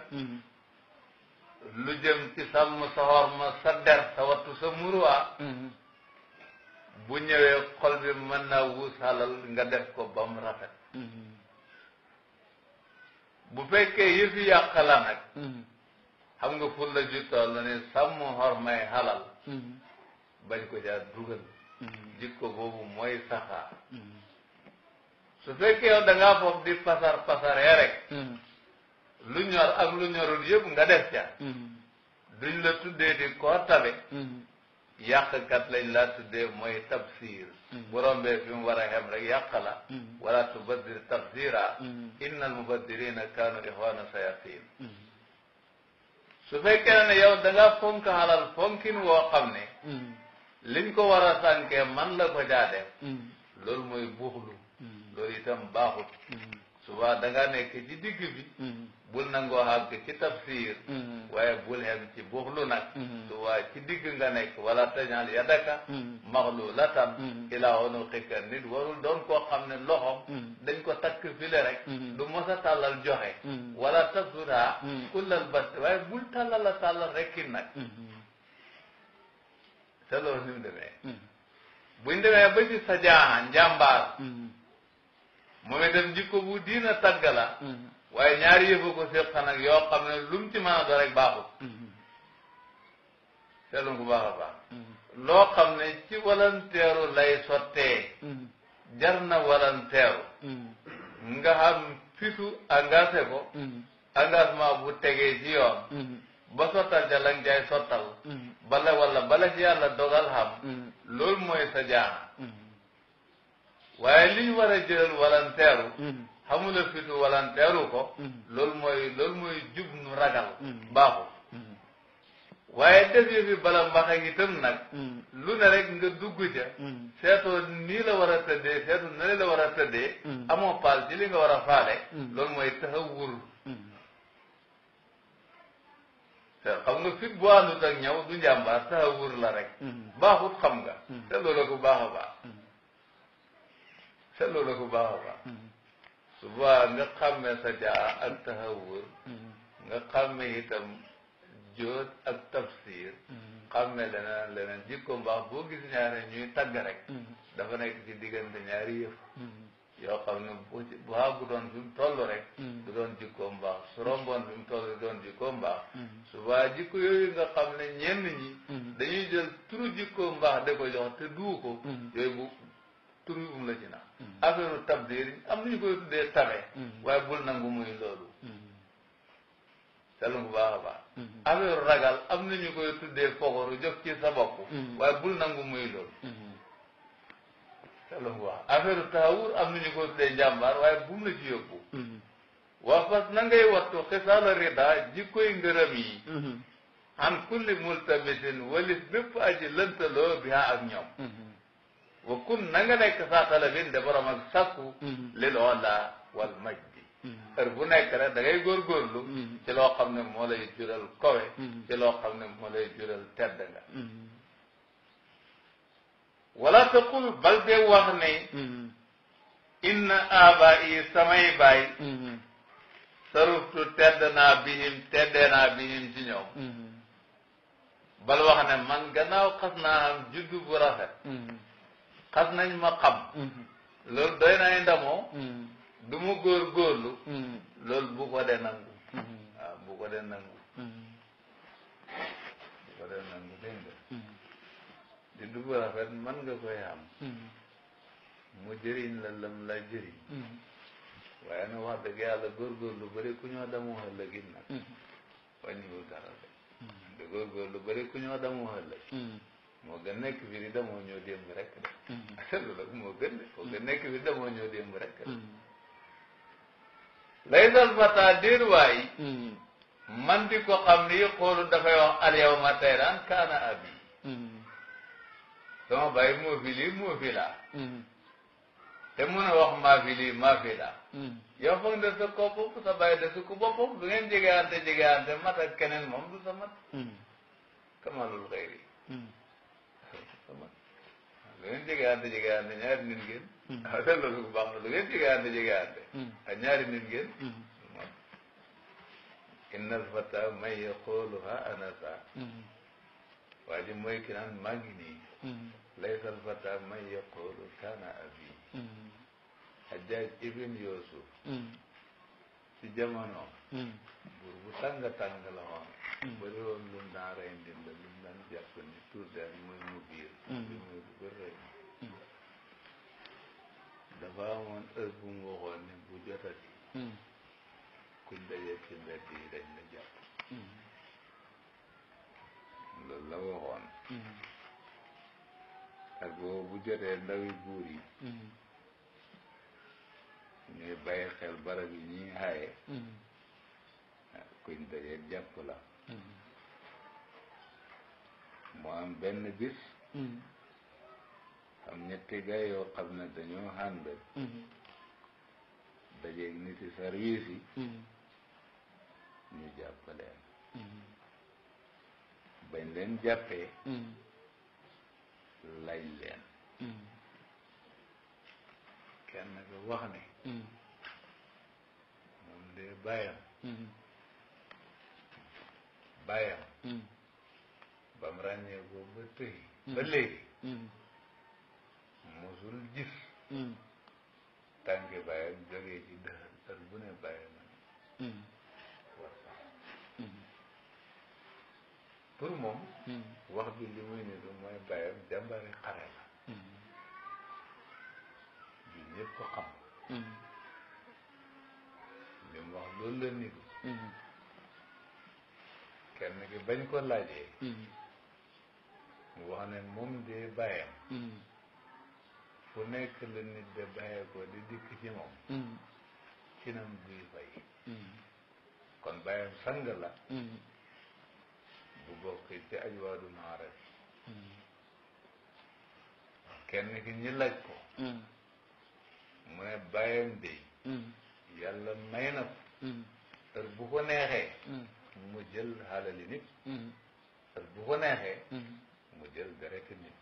lu jëm ci sàmm sa xorma sa der sa wattu sa muruwaa bu ñëwee xol bi mën naa wuusalal nga def ko ba rafet bu fekkee yëfi yàq nag hmm. xam nga ful la ju toll ni sàmm xor may xalal hmm. bañ ko jaa dugal hmm. jikko boobu mooy saxaar su fekkee yow da ngaa foofu di pasar pasaree rek lu ñor ak lu ñorul yëpp nga def ca la tuddee di koo tabe yàqkat la laa tuddee mooy tabsir mm. bu rombee fi mu war a xem rek yàq la mm. wala tubaddir tabsira mm. inna almubaddirina kaanu ixwana sayatin su fekkee ne yow da nga fonk xalal fonkin woo xam ne liñ ko war a sànkee man la ko jaa def loolu mooy buuxlu loolu itam baaxut souvent da nga nekk ci digg bi bul nangoo àgg ci tafsir mm-hmm. waaye bul hem ci buxlu nag su mm-hmm. waa ci digg nga nekk wala tañal yadaka mm-hmm. maxlulatan ilaa unuqika nit warul doon koo xam ne loxom dañ ko takk file rek du mos a tàllal ta wala tasura kullal bas waaye bul tàllal a tàllal rekki nag te loolu ni mu demee buñ demee ba ci sajaa njàmbaar moom itam jikko bu diina tagg la waaye ñaar yëfu ko séq nag yoo xam ne lu mu ci mën a doon rek baaxut mm-hmm. seetlu baax a baax mm-hmm. loo xam ne ci walanteeru lay sottee mm-hmm. jar na walanteeru nga xam fitu engagé ko engagement bu tegee ci yoon ba sottal ca lang sottal bala wala bala ci yàlla dogal xam loolu mooy sa jaana waaye li ñu war a xamula fitu walanteeru ko mm-hmm. loolu mooy loolu mooy jub nu ragal mm-hmm. baaxul mm-hmm. waaye def yi fi bala mbaxa ngi tam nag lu ne rek nga dugg ca seetoo nii la war a tëddee seetoo la war a tëddee amoo paal ci li nga war a faale loolu mooy taxawur te xam nga fit bu àndut ak ñaw du njàmbaar taxawur la rek baaxut xam nga seetloo la ko baax a baax seetloo la ko baax a baax su boobaa nga xàmme sajaa ak tahawur mm-hmm. nga xàmme itam jóot ak tafsir mm-hmm. xàmme leneen leneen jikko mbaax boo gis ñaari ñuy tagg rek mm-hmm. dafa nekk ci diggante ñaari yëf yo xam ne bu bu xaagu doon fi mu toll rek du doon jikko mbaax su romboon fi mu toll nga xam ne ñenn ñi dañuy jël turu jikko mbaax da ko jox te duu ko yooyu tur bi um la ci nag mm-hmm. affaire tabdir am nañu koy tuddee tabe mm-hmm. waaye bul nangu muy loolu selum mm-hmm. baax a baax affaire ragal am nañu koy tuddee fogoru jóg ci sa waaye bul nangu muy loolu selum baax affaire taawur am nañu koy tuddee njàmbaar waaye bum la ci yóbbu waa fas na ngay wattu xisaala rida ngërëm yi an kulli multamisin walis bépp aji lëntaloo bi ha ak ñoom wa kun na nga nekk saa talabin de borom ak sakku. lil oola wal majdi. heure bu nekk rek da ngay góorgóorlu. ci loo xam ne moo lay jural kowe. ci loo xam ne mola lay jural tedd nga. wala bal de wax ne. inna aabaa'i samay baay. saruftu tedd naa bihim teddee naa bihim ci ñoom. bal wax ne man gannaaw xas naa am bu rafet. xas nañ ma xam mm-hmm. loolu doy nay ndamoo mm-hmm. du mu góor góorlu mm-hmm. loolu bu ko dee nangu waaw bu ko dee nangu bu ko dee nangu dégg nga di du bu rafet man nga koy am mu jëriñ la lam la jëriñ waaye nag wax dëgg yàlla góorgóorlu bëri ku ñoo damu ëllëgin nag wàññiwul dara de góorgóorlu bëri ku ñoo damu ëllëg moo gën nekk bi di demoo ñëw démb rek de. Mm-hmm. moo gën de moo gën nekk bi di demoo ñëw démb rek de. Mm-hmm. lay mm-hmm. man di ko xam ni xoolu dafay wax al yawma tayran kaana abi. sama bàyyi moo fi lii moo fi laa. te mun a wax maa fi maa fi laa. yow foog ne ko bopp sa bàyyi de su ko boppam du ngeen moom du sa mat. kamalul xëyri. Hmm. lu ngeen jegeante jegeante hmm. ñaari nit alfata man yaquluha anasa. Hmm. waa ji mooy ki naan maa alfata man yaqulu kana abi. Hajjaj ibn Yusuf. ci jamono. buur bu la woon. bëri woon lu mu jàpp ni tur daal mooy mu biir dafa amoon heure bu mu waxoon ne bu jotati kuñ dajee ci mbedd yi dañ la jàpp loolu la waxoon ak boobu jotee ndawi buur yi ñuy bàyyi xel barab yi ñuy xaaye kuñ dajee jàpp la mu am benn bis mm. am ñetti gars yoo xam ne dañoo hànd mm-hmm. dajeeg ni ci service ñu jàpp mm-hmm. bañ leen jàppee mm-hmm. laaj leen kenn nga wax ne moom de bàyyam bàyyam ba mu ràññee ko ba tey mm. ba léegi mm. musul gis mm. tànki bàyyam jógee ci dëxal bu ne bàyyi na war moom wax bi li muy niru mooy bàyyam jàmbari xare la bi ñëpp ko xam li mu wax loolu la niru kenn ki bañ ko laajee mu wax ne moom de bàyyam mm. fu nekk la nit de ko di dikk ci moom mm. ci nam buy bàyyi mm. kon bàyyam sang la bu bokk ci ajwaadu maarif kenn ki ñi laaj ko mu ne bàyyam de yàlla may na ko heure bu ko neexee mu jël xaalali nit bu ko neexee mu jël deret nit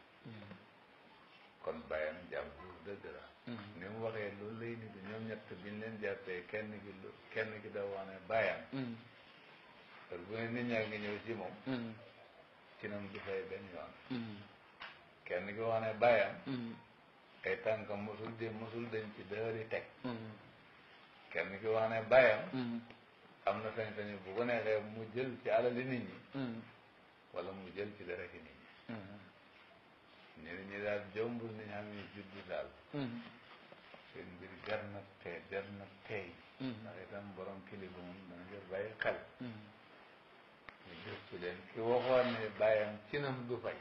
kon bàyyam jàmbur dëgg la mm-hmm. ni waxee loolu lay nit ñoom ñett biñ leen jàppee kenn kenn ki da wane bayan te bu nit ñaa ngi ñëw ci moom mm-hmm. ci nam fay benn yoon kenn ki wane bàyyam ay tànkam mosul de mosul dañ ci dëri teg kenn ki wax ne mm-hmm. am na sañ-sañu bu ko neexee mu jël ci alali nit ñi wala mu jël ci dara ki nit ñeneen ñi daal jombul ni ñu xam ne juddu daal seen mbir jar na tey jar na tey ndax itam borom kilifa moom dana jël bàyyi xel ñu gëstu leen ki waxoon ne bàyyam cinam du fay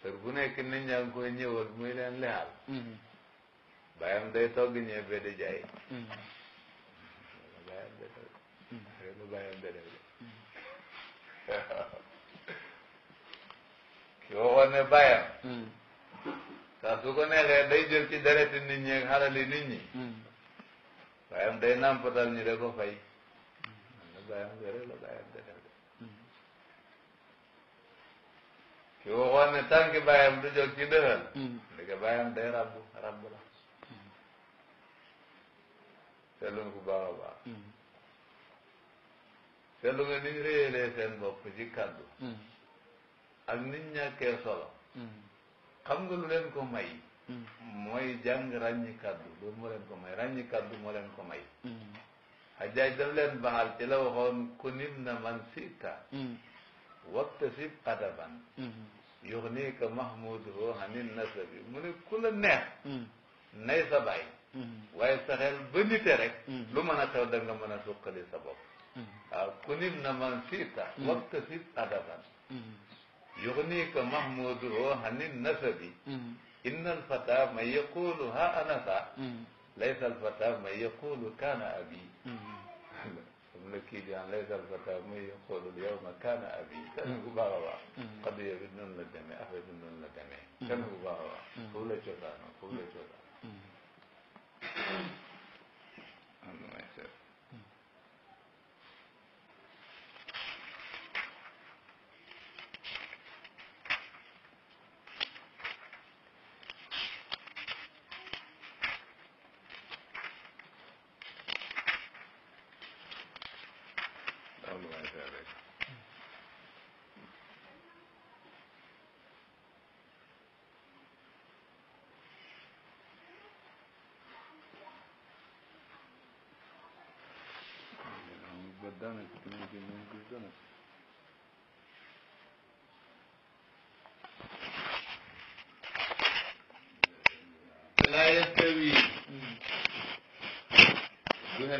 sër bu nekk nit ñaa ngi koy muy leen lexal bàyyam day togg ñebe di jaay bàyyam day day ki waxoon ne bàyyam saa hmm. su ko neexee day jël ci dereti nit ñi ak xalali nit ñi hmm. bàyyam day nàmpatal ñu de ko fay bàyyam gëre la bàyyam de def de hmm. ki waxoon ne tànki bàyyam du jóg ci dëxal ndeke bàyyam day rabbu rabb la seetlu ko baax a baax seetlu nga ni ñu réyalee seen bopp ci kàddu ak nit ñàkkee solo hmm. xam nga lu leen ko may hmm. mooy jàng ràññi kaddu loolu moo leen ko may ràññi kaddu moo leen ko may xajaaj hmm. daf leen baxal ci la waxoon ku nim na man sita waxta sib adaban yox nii que hanin nasabi mu ne ku la neex nay sa baay waaye saxeel ba nite rek lu mën a xew da nga mën suqali sa bopp na man sita waxta sib adaban يغنيك محموده عن النسب إن الفتى من يقول ها أنا ذا ليس الفتى من يقول كان أبي ابن كيليان ليس الفتى من يقول اليوم كان أبي كان غبارة قد يبدن الندم أبد الندم كان غبارة قول جزانا قول جزانا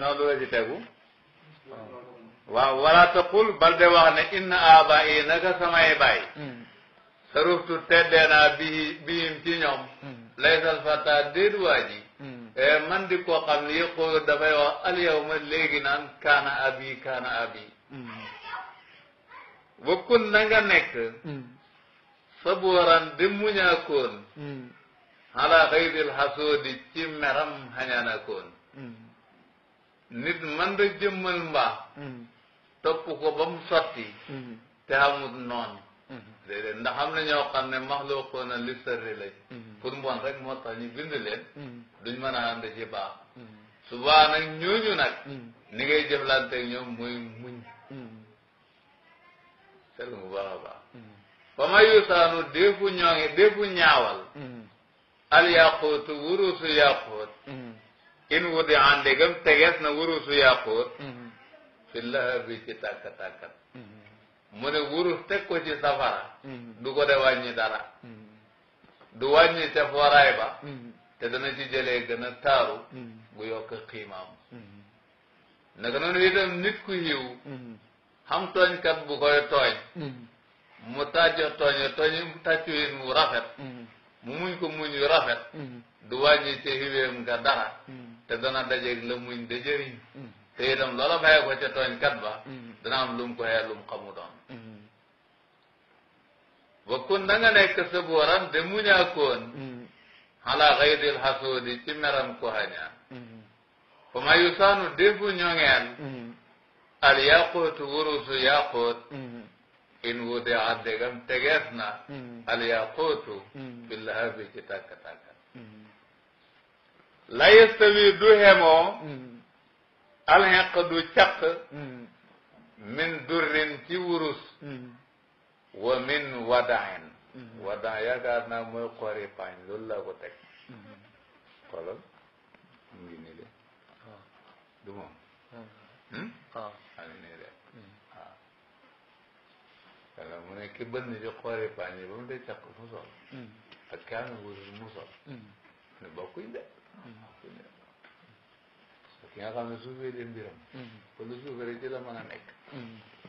noonu la ci tegu waaw wala taqul bal wax ne inna aba yi naka samay baay hmm. saruftu teddee naa bi biim ci ñoom hmm. laysal fata déet waa hmm. eh, man di koo xam ne yëqoolu dafay wax al yawma léegi naan kaana abi kaana abi wakkun na nga nekk sabooran di muñaakoon ala xayril xasoodi ci meram xañaanakoon nit man da jëmmal mbaax mm-hmm. topp ko ba mu sotti mm-hmm. te amul noonu mm-hmm. déedéet ndax am na ñoo xam ne maxluqoona li sërri lañ pour mbon rek moo tax ñu bind leen duñ mën a ànd ci baax subaa nag ni ngay jëflanteeg ñoom mooy muñ seetlu bu baax a baax fa ma yusaanu déefu ñoo ngi ñaawal al yàquutu wurusu yàquut in wudi an ndegam tegees na wurusu yaaquut fi lahabi ci tàkk-tàkkat mu ne wurus ko ci safara du ko de wàññi dara du wàññi ca foraay ba te dana ci jëlee gën a taaru bu yokk xiimaam naka noonu itam nit ku yiw xam tooñkat bu koy tooñ mu tàjjo tooñe tooñi tàccu it mu rafet mu muñ ko muñ yu rafet du wàññi ca hiweem nga dara te dana dajeeg la muñ de jëriñ mm-hmm. te itam loola bàyyi ko ca tooñkat ba mm-hmm. dana lum ko xee lum xamu doon wa kun da nga nekk sabooran de muñaakoon xalaa mm-hmm. xaydil ci meram ko xañaan fa ma yusaanu défu ñoŋeel al yaqootu wurusu yaqoot in wude addegam tegees na al yaqootu billahabi ci tàkk-tàkk la yastawi du hemoo mm-hmm. alxeq du caq mm-hmm. min durrin ci wurus mm-hmm. wa min wadain wadan yaakaar naa mooy xoori paañ loolu laa ko teg xoolal mu ngi de ah. du moom waaw hmm? ah. am nii de waaw ah. mu ne ki bënn ci xoori paañ yi ba mu dee caq mu sol ak kaami wurus mu sol ne bokkuñ de ki nga xam ne suufee di mbiram ko ci la mën a nekk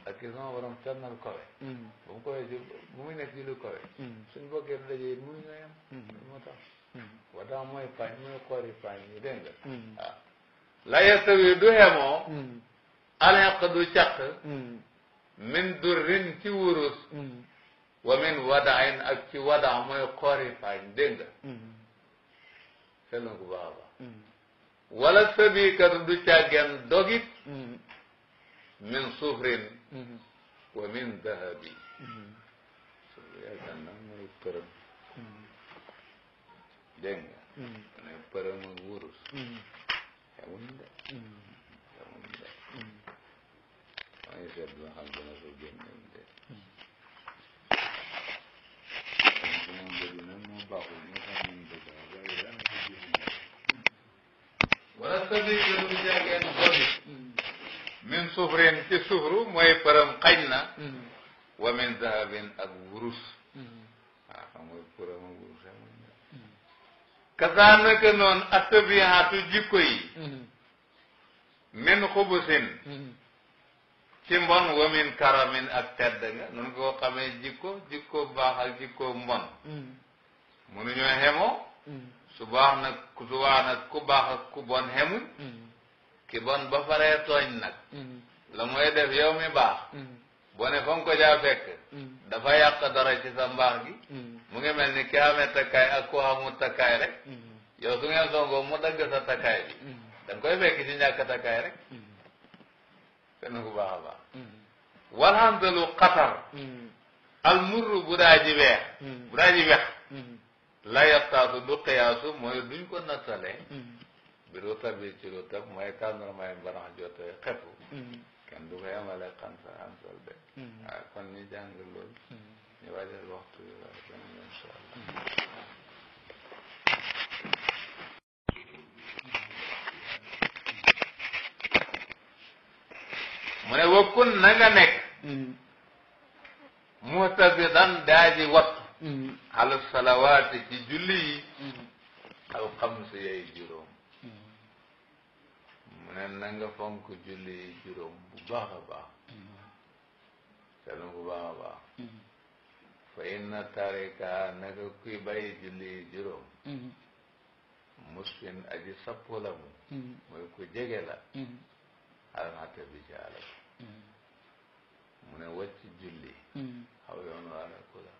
ak ki sama borom tànnal mu kawee ci bu muy nekk ci lu kawe suñ bokkee dajee it mënuñoo yem moo tax wa tax mooy pañ mooy koori pañ yi dégg nga waaw la yestawi du xemoo alxeq du càq min durrin ci wurus mm. wa min wadain ak ci wada mooy koori pañ dégg nga xëy na ku baax a baax mm. wala sabikat mm. min sufrin mm-hmm. wa min dahabi mm-hmm. yaakaar naa mooy përëm mm-hmm. wala tamit yoonu jàngeen boni min sufrin ci sufru mooy përam xañ na wa min dahabin ak wurus waaw xam nga përam ak wurus kasaanaka noonu attabihaatu jikko yi min xubusin ci mbon wa min karamin ak tedd nga nun koo xamee jikko jikko baax ak jikko mbon mënuñoo xemoo su baax nag ku su baax ku baax ku bon xemuñ mm-hmm. ki bon ba faree tooñ nag mm-hmm. la mooy def yow mi baax mm-hmm. bone fa nga ko jaa fekk dafa yàq dara ci sa mbaax gi mu ngi mel ni ki xamee takkaay ak ku xamul takkaay rek yow su ngeen songoo mu dagg sa takkaay bi da koy fekk ci ñàkk takkaay rek kenn ku baax a baax walxandalu xatar al murr bu daa ji weex bu daa ji weex la yaxtaasu du xiyaasu mooy duñ ko nattale mm. bi ru tabi ci lu tab mooy kàndar may mbanax jote xetu mm. kenn du ko yemale xamsa amsal de mm. waaw kon ñu jàng lool ñu waajal waxtu yi waaye beneen incha allah mu ne wakkun na nga nekk muhtabidan daaji wat xal mm-hmm. salawaati ci julli yi mm-hmm. al xamsi yay juróom mm-hmm. mu ne na nga fonk julli yi juróom bu baax a baax selu fa inna tarika naka kuy bàyyi julli yi juróom muskin aji sappo la mu mooy ku jege la alamata bi ci alal mu ne wàcc julli xaw yoon waala ku la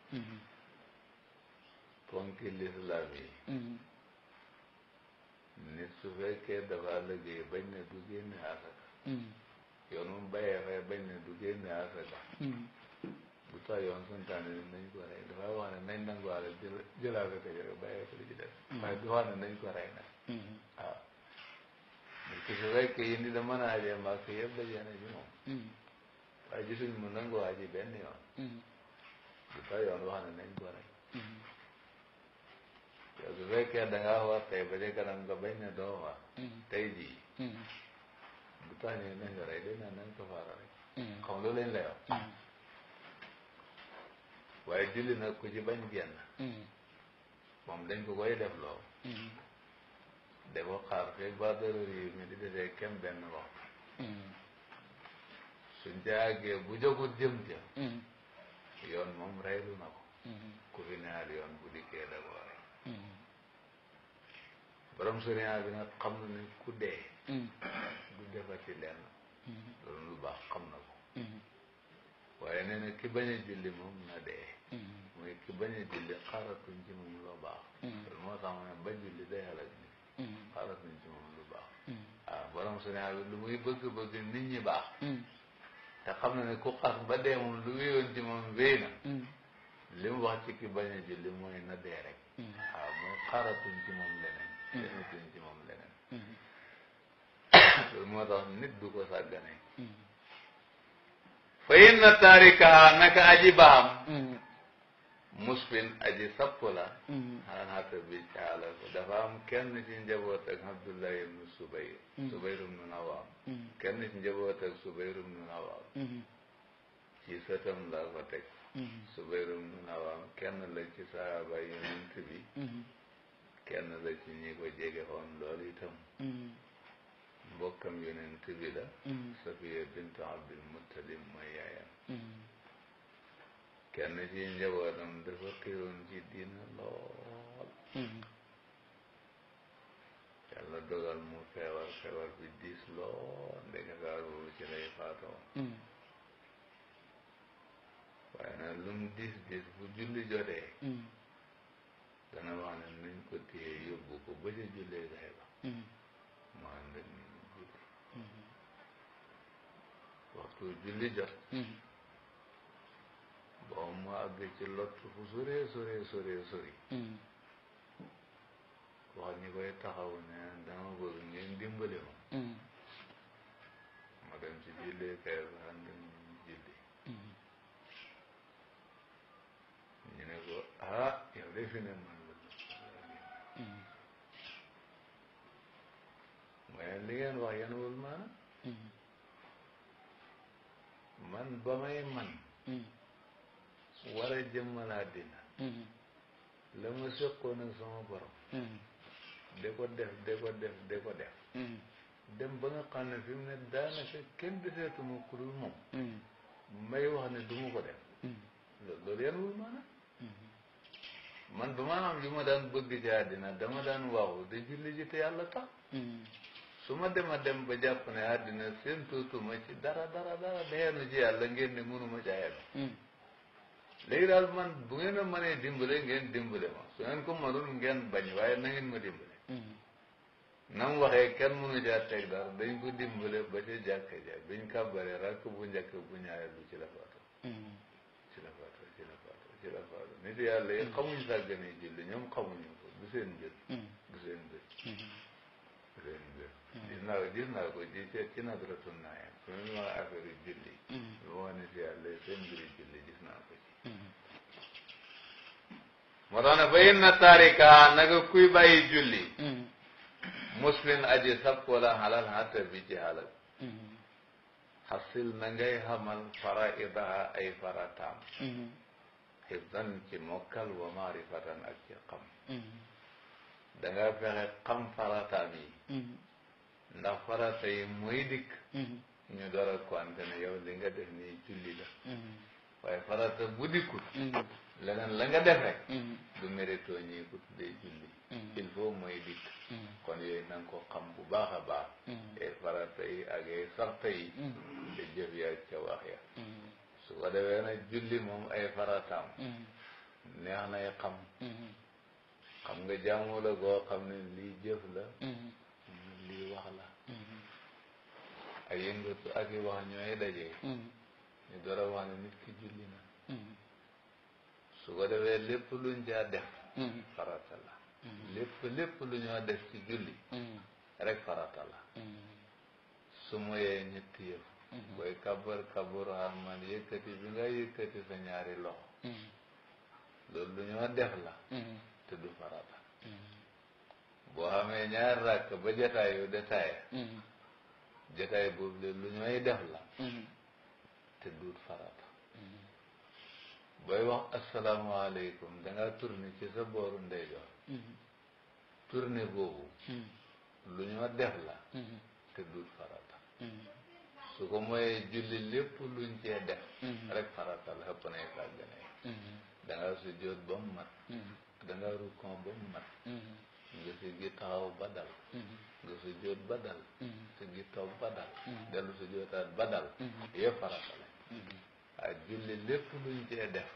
ponki lislaam yi mm-hmm. nit su fekkee dafa liggéey bañ ne du génne asaka mm-hmm. yoon moom bàyyee bañ ne du génne asaka mm-hmm. bu yoon santaane ni nañ ko rey dafa wax ne nañ nangu waale jël asaka jël bàyyee ko li ci def waaye du wax ne nañ ko rey nag ah. ki yi ni da mën a ajee màkk yëpp dajee na ci moom waaye mu nangu waa ji yoon bu yoon wax ne nañ ko yow su fekkee da ngaa ba ca kanam nga bañ ne doo war tey jii bu tax ñu ne nga rey dañ rek xam loolu lañ lay wax waaye julli nag ku ci bañ génn moom dañ ko koy def loo da ko xaar fekk ba dërër yi mi di desee kem benn bu jógut jëm ca yoon moom reylu na ko ku fi neexal yoon bu dikkee da ko rey borom suriya bi nag xam na ku dee mm. du defati lenn mm-hmm. loolu lu baax xam na ko mm-hmm. waaye nee na ki bañ a julli moom na dee mm-hmm. mooy ki bañ julli xaaratuñ ci moom lu baax loolu moo tax mu lu baax waaw ah, borom bi lu muy bëgg-bëgg ñi baax te xam na ne ku xas ba dee moom lu wéyoon ci moom wéy na li wax ci ki bañ a julli mooy na dee rek waaw ah, mooy xaaratuñ ci moom defatuñ ci moom leneen loolu moo tax nit du ko sàggane fa inna taarikaha naka aji baam musfin aji sapp la xanaan xatta bi caala ko dafa am kenn ci njaboot ak Abdullah ibnu Subayr Subayr ibnu Nawaam kenn ci njaboot ak Subayr ibnu Nawaam ci sëtam laa ko teg Subayr ibnu Nawaam kenn la ci saaba yonent bi kenn la ci ñi ko jege woon loolu itam mm. mbokkam yonent bi la mm. Safiya bint Abdul Muttalib mooy yaayam mm. kenn ci njabootam dafa xiroon ci diina lool yàlla dogal mu feebar feebar bi diis lool ndeke feebar boobu ci lay faatoo waaye nag lu mu diis bu julli jotee dana wax ne nañ ko téye yóbbu ko ba ca jullee gaay ba mu ànd ak ñu julli waxtu jot boo mu àgg ci lott fu soree soree soree sori wax ñi koy taxaw ne dama bëgg ngeen dimbali ma ma dem ci jullee gaay ba ànd ak ñu julli ñu ne ko fi ne ma li ngeen wax yéen wul maanaam hmm. man ba may man hmm. war a jëmmal àddina hmm. la ma sëqoon ak sama borom de ko def de ko def de ko def dem ba nga xam ne fi mu ne daanaka kenn deseetuma ku dul moom may wax ne du ma ko def loolu yéen wul maanaam man ba maanaam li ma daan bëgg ci àddina dama daan waaw de julli ji te yàlla tax su ma dem a dem ba jàpp ne àddina seen tuutuma ci dara dara dara deenu ci yàlla ngeen ne mënuma ca yenu léegi daal man bu ngeen a mënee dimbale ngeen dimbale ma su ngeen ko mënul ngeen bañ waaye na ngeen ma dimbale na waxee kenn mënu caa teg dara dañ ko dimbale ba ca jàkk ja biñ kàbbaree rakk bu njëkk bu ñaareelu ci la ci la faatu ci la faatu ci la faatu nit yàlla yi xamuñ sàggane julli ñoom xamuñu ko du seen mbir du seen mbir gis mm. naa mm. mm-hmm. mm. ko gis naa ko ji ci ci nadratu naayam su mu ma affaire julli lu ma ne si yàlla seen mbiri julli gis naa ko ci moo tax ne fa inna taarika naka kuy bàyyi julli muslim aji sab wala halal hatta bi ci halal xasil mm-hmm. na ngay xamal faraidaha ay farataam xibdan mm-hmm. ci mokkal wa maarifatan ak ci xam danga fexe xam farataam yi ndax farata yi mooy dikk mhm. ñu door ko ante ne yow li nga def nii julli la mhm. waaye farata bu dikkut mhm. leneen la nga def rek du méritoo ñi ko tuddee julli il faut mooy dikk kon yooyu na ko xam bu baax a baax ay e farata yi ak ay e sarta yi da e jëf ya ca wax ya su ko julli moom ay farataam neex nay xam xam nga jaamu la goo xam ne lii jëf la lii wax la mm-hmm. ay yëngatu ak i wax ñooy daje mm-hmm. ñu door a wax ne nit ki julli na mm-hmm. su ko defee lépp luñ caa def farata la lépp lépp lu ñoo def ci julli rek farata la su moyee ñetti yëf booy kabar kabaru harman yëkkati bi nga yëkkati ñaari loxo loolu lu ñoo def la du farata boo xamee ñaar rakk ba jataayu détail mm-hmm. jataay boobu de lu ñooy def la mm-hmm. te duut farata mm-hmm. booy wax asalaamaaleykum dangaa tourné ci sa booru ndeyjoor tourné boobu lu ñoo def la te duut farata su ko mooyee julli lépp luñ cee def rek farata la xëpp nay sàggane dangaa sujjóot ba mat dangaa rukkon ba mat nga siggi taxaw ba dal mm-hmm. nga sujjóot ba dal mm-hmm. siggi toog ba dal mm-hmm. dellu sujjóotaat ba dal yëpp farata la waaye julli lépp luñ cee def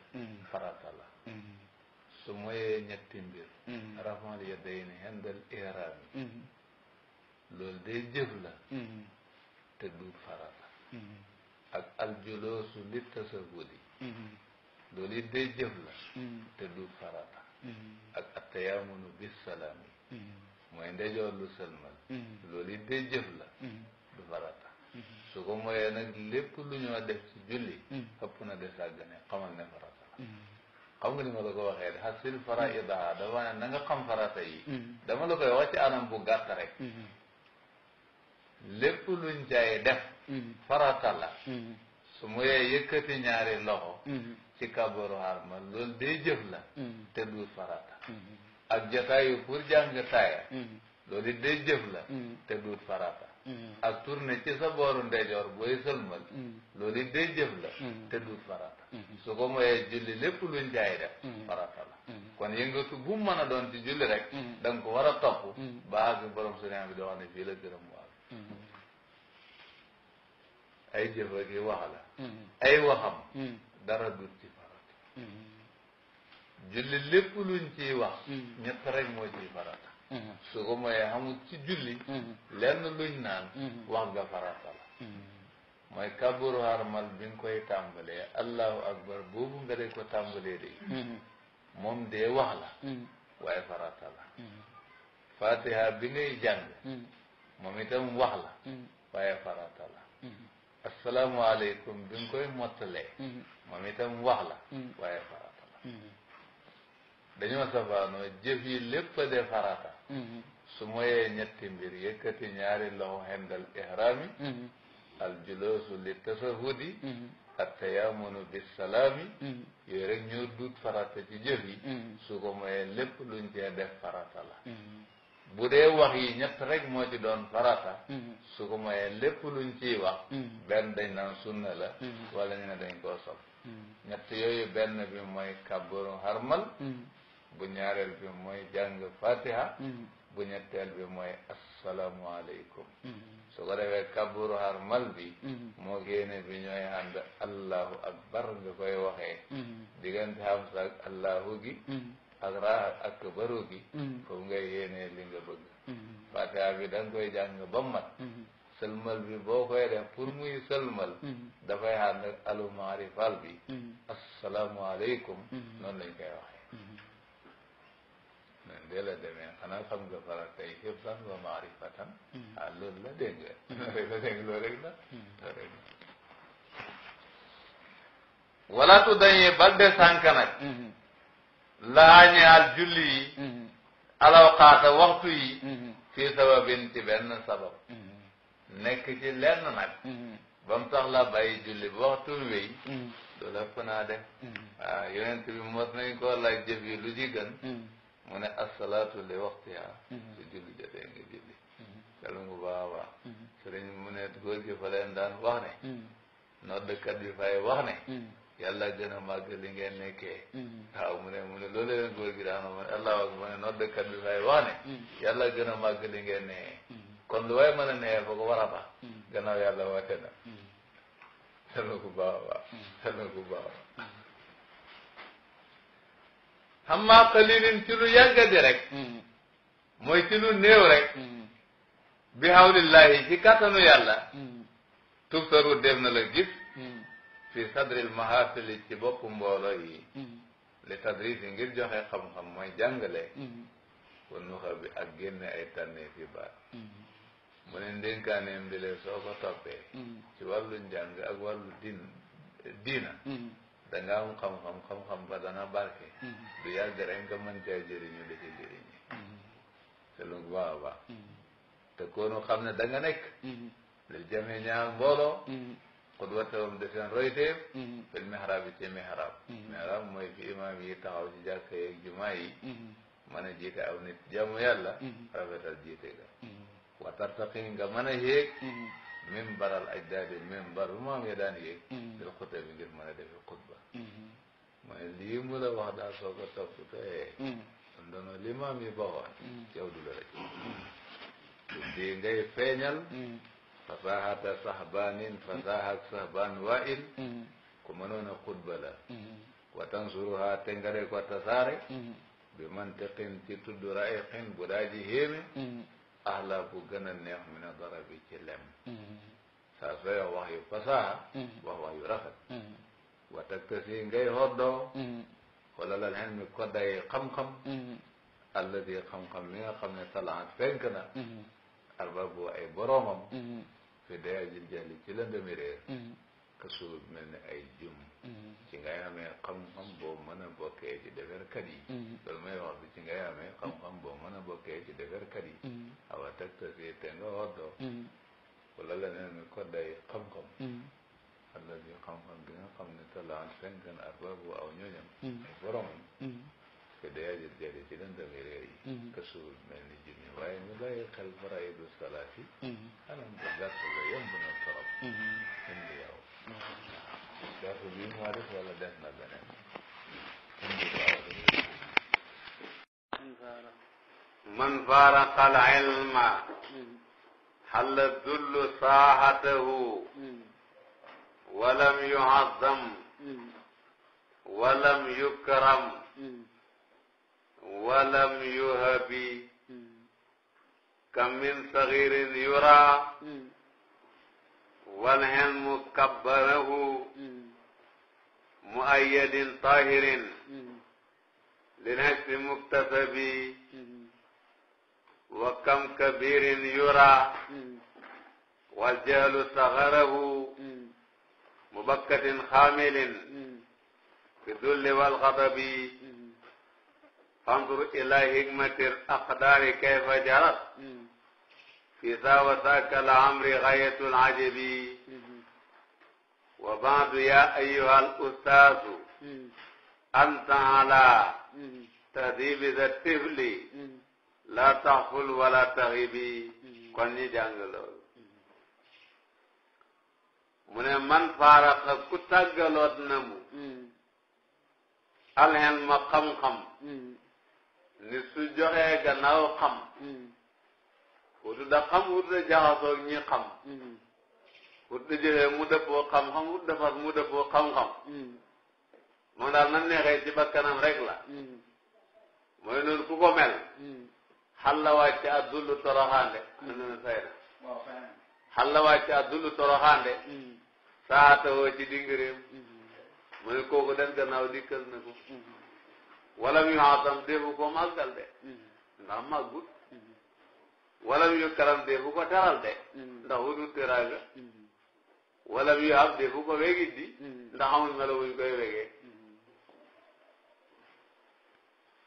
farata la su moyee ñetti mbir rafal ya day ni hendal ihram loolu day jëf la te duut farata ak aljuloosu li tasahuli loolu it day jëf la te duut farata Mm-hmm. ak attayaamunu bis salaam yi mm-hmm. mooy ndejoor lu sëlmal mm-hmm. loolu it day jëf la du farata su ko moyee nag lépp lu ñoo def ci julli ëpp na de sàggane xamal ne farata la xam nga ni ma la ko waxee de xasil faraidaha dafa ne na nga xam farata yi dama la koy wax ci bu gàtt rek lépp luñ cay def farata la su moyee yëkkati ñaari loxo ci kabaru xarmal loolu day jëf la mm-hmm. te du farata mm-hmm. ak jataayu pour jàng taaya mm-hmm. loolu it day jëf la te farata ak tourné ci sa booru ndeyjoor booy sëlmal loolu it day jëf la te du farata su ko moyee julli lépp luñ jaay def farata la kon yëngatu bu mën a doon ci julli rek da nga ko war a topp ba àgg borom suñu bi doo xam ne fii la gërëm waal ay jëf ak i ay waxam dara dut julli lépp lu ciy wax mm-hmm. ñett rek moo ciy farata mm-hmm. su ko mooy xamul ci julli mm-hmm. lenn luñ naan wax ga farata la mooy kàbburu harmal bi nga koy tàmbalee allahu akbar boobu nga de ko tàmbalee de moom dee wax waaye farata fatiha bi ngay jàng moom itam wax la waaye farata la assalaamu wax la dañoo safaanoo jëf yi lépp de farata mm-hmm. su moyee ñetti mbir yëkkati ñaari loxo xendal ihraami mm-hmm. al juloosu li tasahudi mm-hmm. attayamunu bis salaami yooyu rek ñoo duut farata ci jëf yi su ko moyee lépp luñ cee def farata la bu dee wax yi ñett rek moo ci doon farata su ko moyee lépp luñ ciy wax benn dañ naan sunna la wala ñu ne dañ koo sopp ñett yooyu benn bi mooy kabbaru harmal bu ñaareel bi mooy jàng fatiha mm-hmm. bu ñetteel bi mooy asalaamualeykum mm-hmm. su ko defee kaburu harmal bi mm-hmm. moo génne bi ñooy ànd allahu akbar nga koy waxee diggante hamsa ak allahu gi ak raa ak baru gi foofu ngay yéenee li nga bëgg fatiha bi da koy jàng ba mat mël bi boo koy def pour muy sëlmal dafay ànd ak alu maarifal bi asalaamualeykum noonu lañ koy waxee dee la demee xanaa xam nga farata yi xiblan wa maarifatan la dégg la rek la loolu rek la wala bal de sànk nag laa ñaal julli yi alawxaata waxtu yi fii sababin ci benn sabab nekk ci lenn nag ba la bàyyi julli ba waxtu wéy loolu ëpp naa de waaw yonent bi mos nañ koo laaj jëf yi lu mu ne asalaatu li waxtiha mhm. su julli jotee nga julli mhm. kàlla ngu baax a baax mhm. sëriñ mu ne daan wax ne noddkat bi fay wax ne yàlla gën a màgg li ngeen nekkee waaw mu ne mu ne loolu leen góor gi daan mu ne allah ak mu ne noddkat bi fay gën a màgg li ngeen nekkee kon lu waay mën a neexee fa ko war a baax yàlla wate na a xammaa qalilin ci lu yàgga di rek mooy ci lu néew rek bi hawlillahi ci kàttanu yàlla tubsaru def na la gis fi sadril mahafili ci bopp mbooloo yi li tadris ngir joxe xam-xam mooy jàngale ko nuxa bi ak génne ay tànnee fi baat mu ne ndénkaaneem di leen soo toppee ci wàllu njàng ak wàllu din diina danga am xam-xam xam-xam ba dana barke du yàgg rek nga mën caa jëriñu da ci jëriñi te lu baax a baax te koonu xam ne danga nekk lil jamee ñaal mbooloo xudwatahum de seen royteef fil mihrab yi ci mihrab hmm. mihrab mooy fi imaam yi taxaw ci jàkka yeeg jumaa yi mën hmm. a jiite aw nit jaamu yàlla hmm. rafetal jiite ga wa tartaqi nga mën a mimbaral ajdaadi mimbar a defe xutba mm-hmm. mooy lii yi mm-hmm. baxoon mm-hmm. yow du rek lii ngay feeñal fasahata sahbaanin fasahat sahbaan waa il ku mënoon a wa tansuruha te nga de ko bi mantiqin ci tudd raiqin bu daa axlaa bu gën a neex mu ne dara bi ci lem mm-hmm. saa sooy wax yu fasaa mm-hmm. wax wax yu rafet mm-hmm. wa taktasi ngay hoddoo xolalal xel mi koddayi xam-xam alladi xam-xam mi nga xam ne talaat fenk arba bu ay boroomam fi daya jil jali ci lëndëmi réer kasuut mel ni ay jum mm-hmm. ci ngay amee xam-xam boo mën a bokkee ci deferkat yi mm-hmm. loolu may wax bi ci ngay amee xam-xam boo mën a bokkee ci deferkat a mm-hmm. awa tagta si te nga woddoo wala mi ko day xam-xam allah bi xam-xam bi nga xam ne talaan fenkan arbaabu aw ñooñam ay boromam te day ajal jële ci dëndami réer yi kasuut mel ni jum yi waaye ñu bàyyi xel faraidu salaat yi anam bu gàtt la yomb na torop indi yow daa ko bii moo def wala def na beneen man faaraqa al ilma xalla dullu saaxatahu walam yuazzam walam yukram walam yuhabi kam min sagirin yura wal helmu kabbarahu mu ayyadin tahirin li nafsi muktasabi wa kam kabirin yura wal jahlu sagharahu mubakkatin xaamilin fi dulli wal xadabi fanzur ila hikmatir aqdaari kayfa jarat فيذا وذاك الأمر غاية العجب وبعد يا أيها الأستاذ أنت على تهذيب ذا الطفل لا تغفل ولا تغيب kon ñi jàng loolu mu ne man faaraqa ku tàggaloot na mu alxen ma xam-xam ni su joxee gannaaw xam wutu da xam wut da jaxasoog ñi xam mm-hmm. wut da jëfee mu dëppoo xam-xam wut da fas mu dëppoo xam-xam mm-hmm. moom daal na neexee ci bakkanam rek la mm-hmm. mooy noonu ku ko mel xal la wàcc ak dullu toroxaande ana nana say na xal la wàcc ak dullu toroxaande saatawoo ci dingaréem mu ne kooku den gannaaw dikkal na ko wala mu atam défu ko màggal de ndax màggut walam yu karam de bu ko teral de hmm. ndax wutul teraanga hmm. walam yu ab de bu ko wegit di hmm. ndax amul melo wuñ koy wegee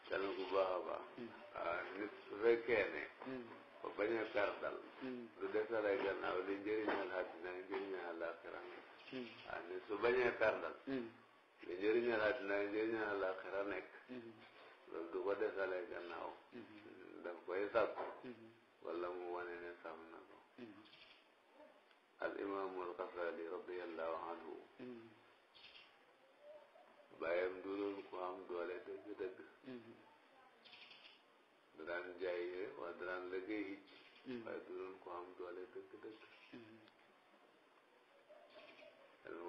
dana ku baax a baax waaw ah, nit su fekkee ne ba bañ a kar dal du desaray gannaaw li njëriñal àddina njëriñal àllaaxira waaw ah, nit su bañ a kar dal li njëriñal àddina njëriñal àllaaxira nekk loolu du ko desaray gannaaw daf koy sàkku wala mu wane ne sàmm na ko al imaamu al Xasaali radiyallahu anhu bàyyam du doon ku am doole dëgg-dëgg daan jaay yére wala daan liggéey hicc waaye du doon ku am doole dëgg-dëgg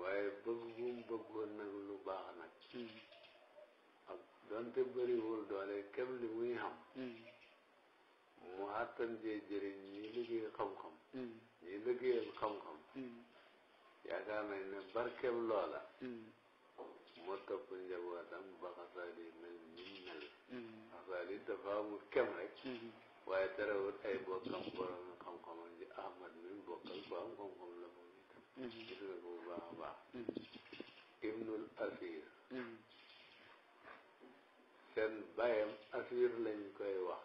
waaye bëgg bu mu bëggoon nag lu baax nag ak donte bëriwul doole kem li muy xam mu àttan cee jëriñ ñi liggéey xam-xam ñi liggéeyal xam-xam mm. mm. yaakaar nañ ne barkeb loola mm. moo topp njabootam ba xasaali mel ni mel xasaali dafa amul kem rek waaye terewul ay bokkam borom xam-xam ji Ahmad mi bokkal ba xam-xam la moom itam gis nga ko bu baax a baax ibnul asir seen bàyyam asir lañ koy wax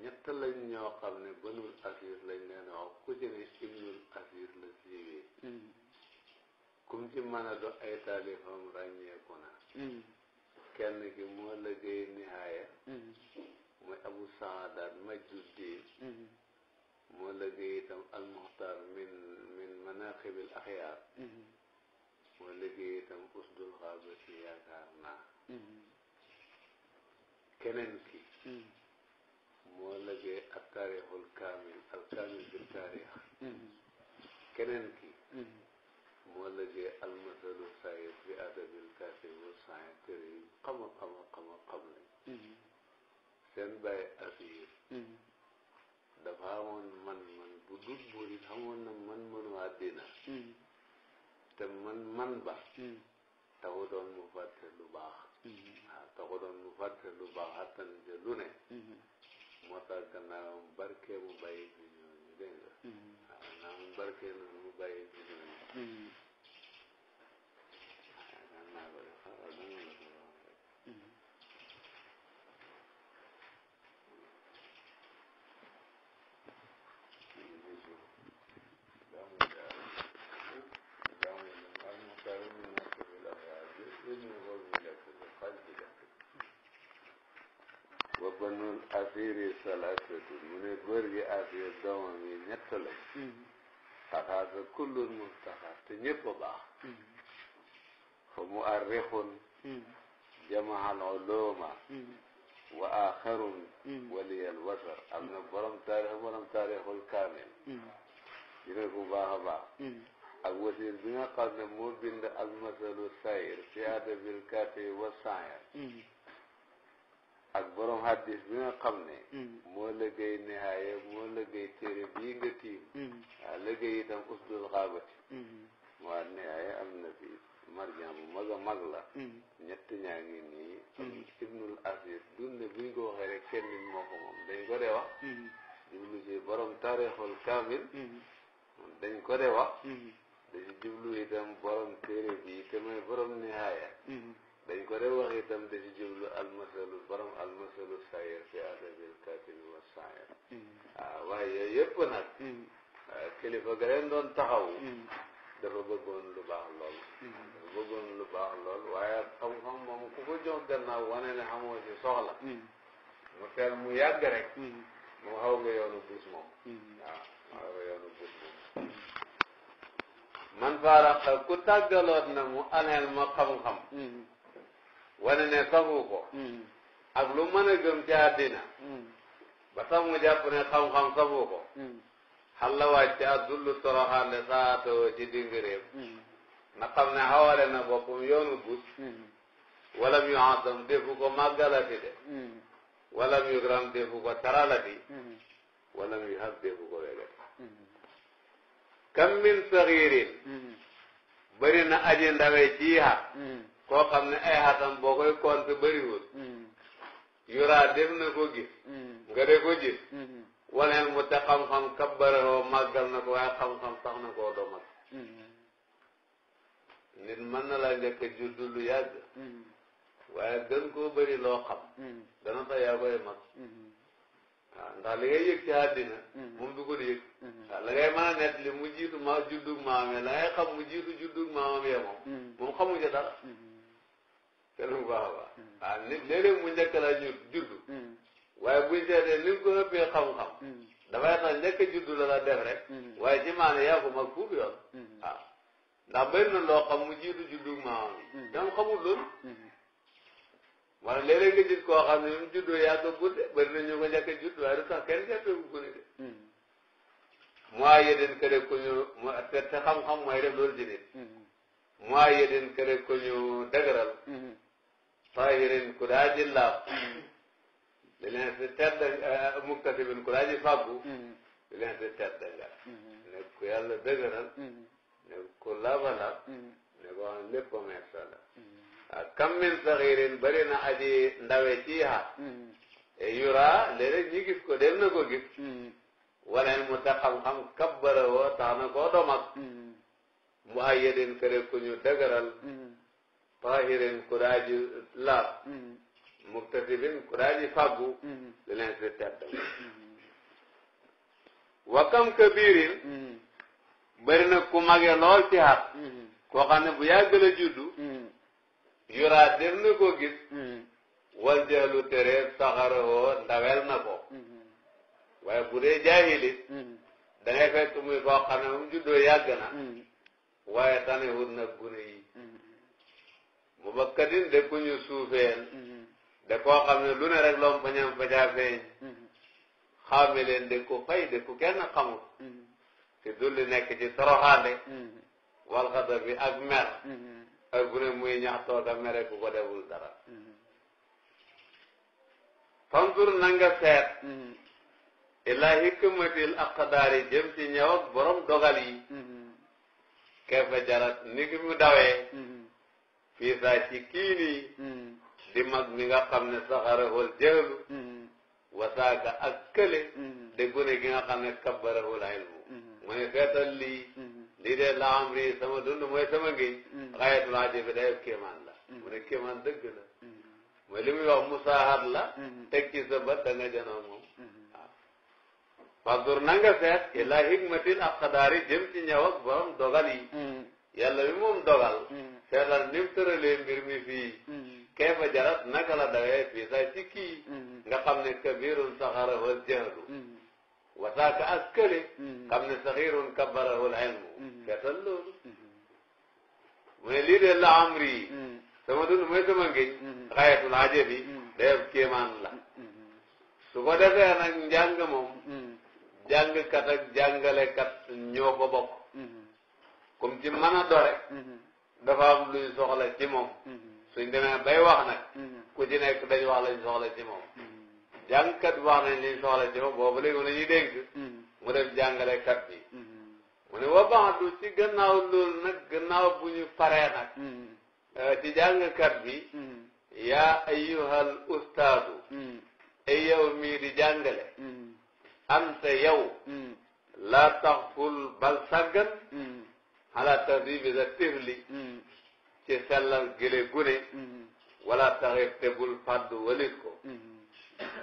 ñett lañ ñoo xam ne banul asir lañ leen wax ku ci ne ibnul asir la siiwee mm. kum ci mën a do ay taalifam ràññeeku na mm. kenn ki moo liggéey nihaaya mooy mm. abu saadaat majduddin moo liggéey itam almuxtar min min manaqibil axyaar moo liggéey usdul xaabati yaakaar naa keneen ki moo lëggee ak taarixul kaamil al kaamil bi taarix mm-hmm. keneen ki mm-hmm. moo lëggee al masalu sayid bi adabil kaasibu sayid téere yi xama xama xama xam lañ mm-hmm. seen bàyyi asiir dafa amoon man-man bu buri xamoon na man-manu àddina te man-man ba taxu doon mu fàtte lu baax waaw ah, taxu doon mu fàtte lu baax attan ja lu ne moo tax gannaaw barke bu bàyyi ci ñooñu dégg nga. waaw naa mu barke na mu bàyyi ci ñooñu. Mm-hmm. wa banul asiri salasatu mu ne góor gi asir doomam yi ñett lañ taxaasa kullun mustaxar te ñëpp a baax fa mu arrixun jamaxal uluma wa axarun waliyal wasar am na borom taarix borom taarixul kaamil dina ko baax a baax ak wasir bi nga xam ne moo bind almasalu sayir fi adabil kaati wa sayir ak borom hadis bi nga xam ne mm. moo lëggéey nihaaya moo lëggéey téere bii nga tiim mm. waa lëggéey itam usdul xaabati mm. waa nihaaya am na fi marjan bu mag a mag la ñett ñaa ngi nii ibnul asir dund buñ ko waxee rek kenn nit moo ko moom dañ ko dee wax jublu ci borom taarixul kaamil dañ ko dee wax dañu jublu itam borom téere bii te mooy borom nihaaya dañ ko dee wax itam da ci jublu almasalu borom almasalu sayir fi adabil katil wa sayir waaw hmm. ah, waaye yooyu yëpp nag hmm. ah, kilifa ga leen doon taxaw hmm. dafa bëggoon lu baax lool dafa bëggoon lu baax lool waaye xam-xam moom ku ko jox wane ne xamoo ci soxla mu teel mu yàgg rek mu xaw nga yoonu bus moom waaw ah, mu ku tàggaloon na mu aneel ma xam-xam wane ne saxu ko hmm. ak lu mën a gëm ci àddina hmm. ba sax mu jàpp ne xam-xam saxu ko hmm. xal la wàcc ak dullu toroxaale ci dingiréem na xam ne xawale na boppam yoonu gudd walam yu àddam defu ko màggalati de walam yu gram defu ko taralati walam yu hab defu ko kam min saxiirin bëri na aji ci xat koo xam ne ay xatam boo koy compter bëriwul mm. yuraa def na ko gis mm. nga de ko gis mm-hmm. waneen mu te xam-xam kabbaroo màggal na ko waaye xam-xam sax na ko domat mm-hmm. nit mën na laa njëkk a juddu lu yàgg mm-hmm. waaye gën koo bëri loo xam dana tax yaa koy mag waaw ndax li ngay yëg ci àddina moom du ko di yëg waaw a nett li mu jiitu ma juddug maamee la ngay xam mu jiitu juddug maamam yee moom moom seetlu bu baax a baax hmm. waaw nit mu njëkk la juddu hmm. waaye bu seetee ni nga ko ëppee xam-xam hmm. dafay tax njëkk juddu la la def rek waaye ci maane yaa ko mag fuuf yoon waaw na loo xam mu jiitu juddu maamam ñoom xamul loolu wala léeg-léeg nga gis xam ne mu juddoo yàgg gudde bëri na ñu ko njëkk juddu waaye de mu aye den kër ku ñu te xam-xam mooy def loolu ci nit muayyidin a ku ñu dëgëral mhm. tahirin ku daaji laab li mhm. leen si tedd eh, muktasibin ku daaji fàggu li mhm. si tedd nga ne ku yàlla dëgëral ne ku labala ne ko ah, kam min saxirin bari aji ndawe ci yaa e yura léeg-léeg gis ko dem na ko gis wala mu ta xam-xam kabbara woo tax na koo domak muhayyadin kare ku ñu dëgëral tahirin mm-hmm. ku daaji laab mm-hmm. muktasibin ku daaji fàggu mm-hmm. di si tedd wakam kabirin bëri na ku mage lool ci xat koo bu yàgg la juddu yuraa def na ko gis wal jaalu tere saxaroo ndawel na ko waaye bu dee jaahilit da ngay fekk muy koo xam ne waaye tane wut nag gune yi mm-hmm. mu bakkatin de ku ñu suufeel mm-hmm. de ko xam ne lu ne rek loom pañam fa caa feeñ mm-hmm. xaame leen de ku fay de ku kenn xamul te dulli nekk ci toroxaande wal xata bi ak mer ak gune muy ñaxtoo ka mere ku ko deful dara fandur na nga seet ila hikmatil aqdaari jëm ci ñëw ak borom dogal yi keefe jarat ni ki mu dawee mm-hmm. saa ci kii nii mm-hmm. di mag mi nga xam ne saxara xool jëlu mm-hmm. wasaaka ak kële de a gi nga xam ne kabbara xool ilmu mu ne seetal lii lii de la am rii sama dund mooy sama ngiñ xayatul ajabi dayob kéemaan la mu ne kéemaan dëgg la mooy li muy wax musaahat la teg ci sa bët da nga janoo moom Fanzur na nga seet ila hikmatin ak xadaari jëm ci ñëw ak borom dogal yi. Hmm. yàlla bi moom dogal. Hmm. seetal ni mu tëralee mbir mi fii. Hmm. jarat naka la dawee fii sax ci kii. nga xam ne kabirun saxarahul jahlu. wasaaka ak kële. xam ne saxirun kabbarahul ilmu. seetal loolu. mu ne lii de la amri. sama dund mooy sama ngiñ. xayatul ajabi. day kéemaan la. su ko defee nag njàng moom. jàngkat ak jàngalekat ñoo ko bokk comme ci mën a dore dafa am luñ soxla ci suñ demee bay wax nag ku ci nekk dañ wax la soxla ci moom jàngkat wax nañ liñ soxla ci moom boobu léegi mu ne ñuy dénk mu def jàngalekat bi mu ne wa baxdu ci gannaaw loolu nag gannaaw bu ñu paree nag euh, ci jàngkat bi yaa ayyuhal ustaadu ay yow mii di jàngale anta yow mm. laa tax ful bal sàggan mm. xalaata bi bi sa tifli mm. ci sellal gële gune wala taxit te bul fàddu walit ko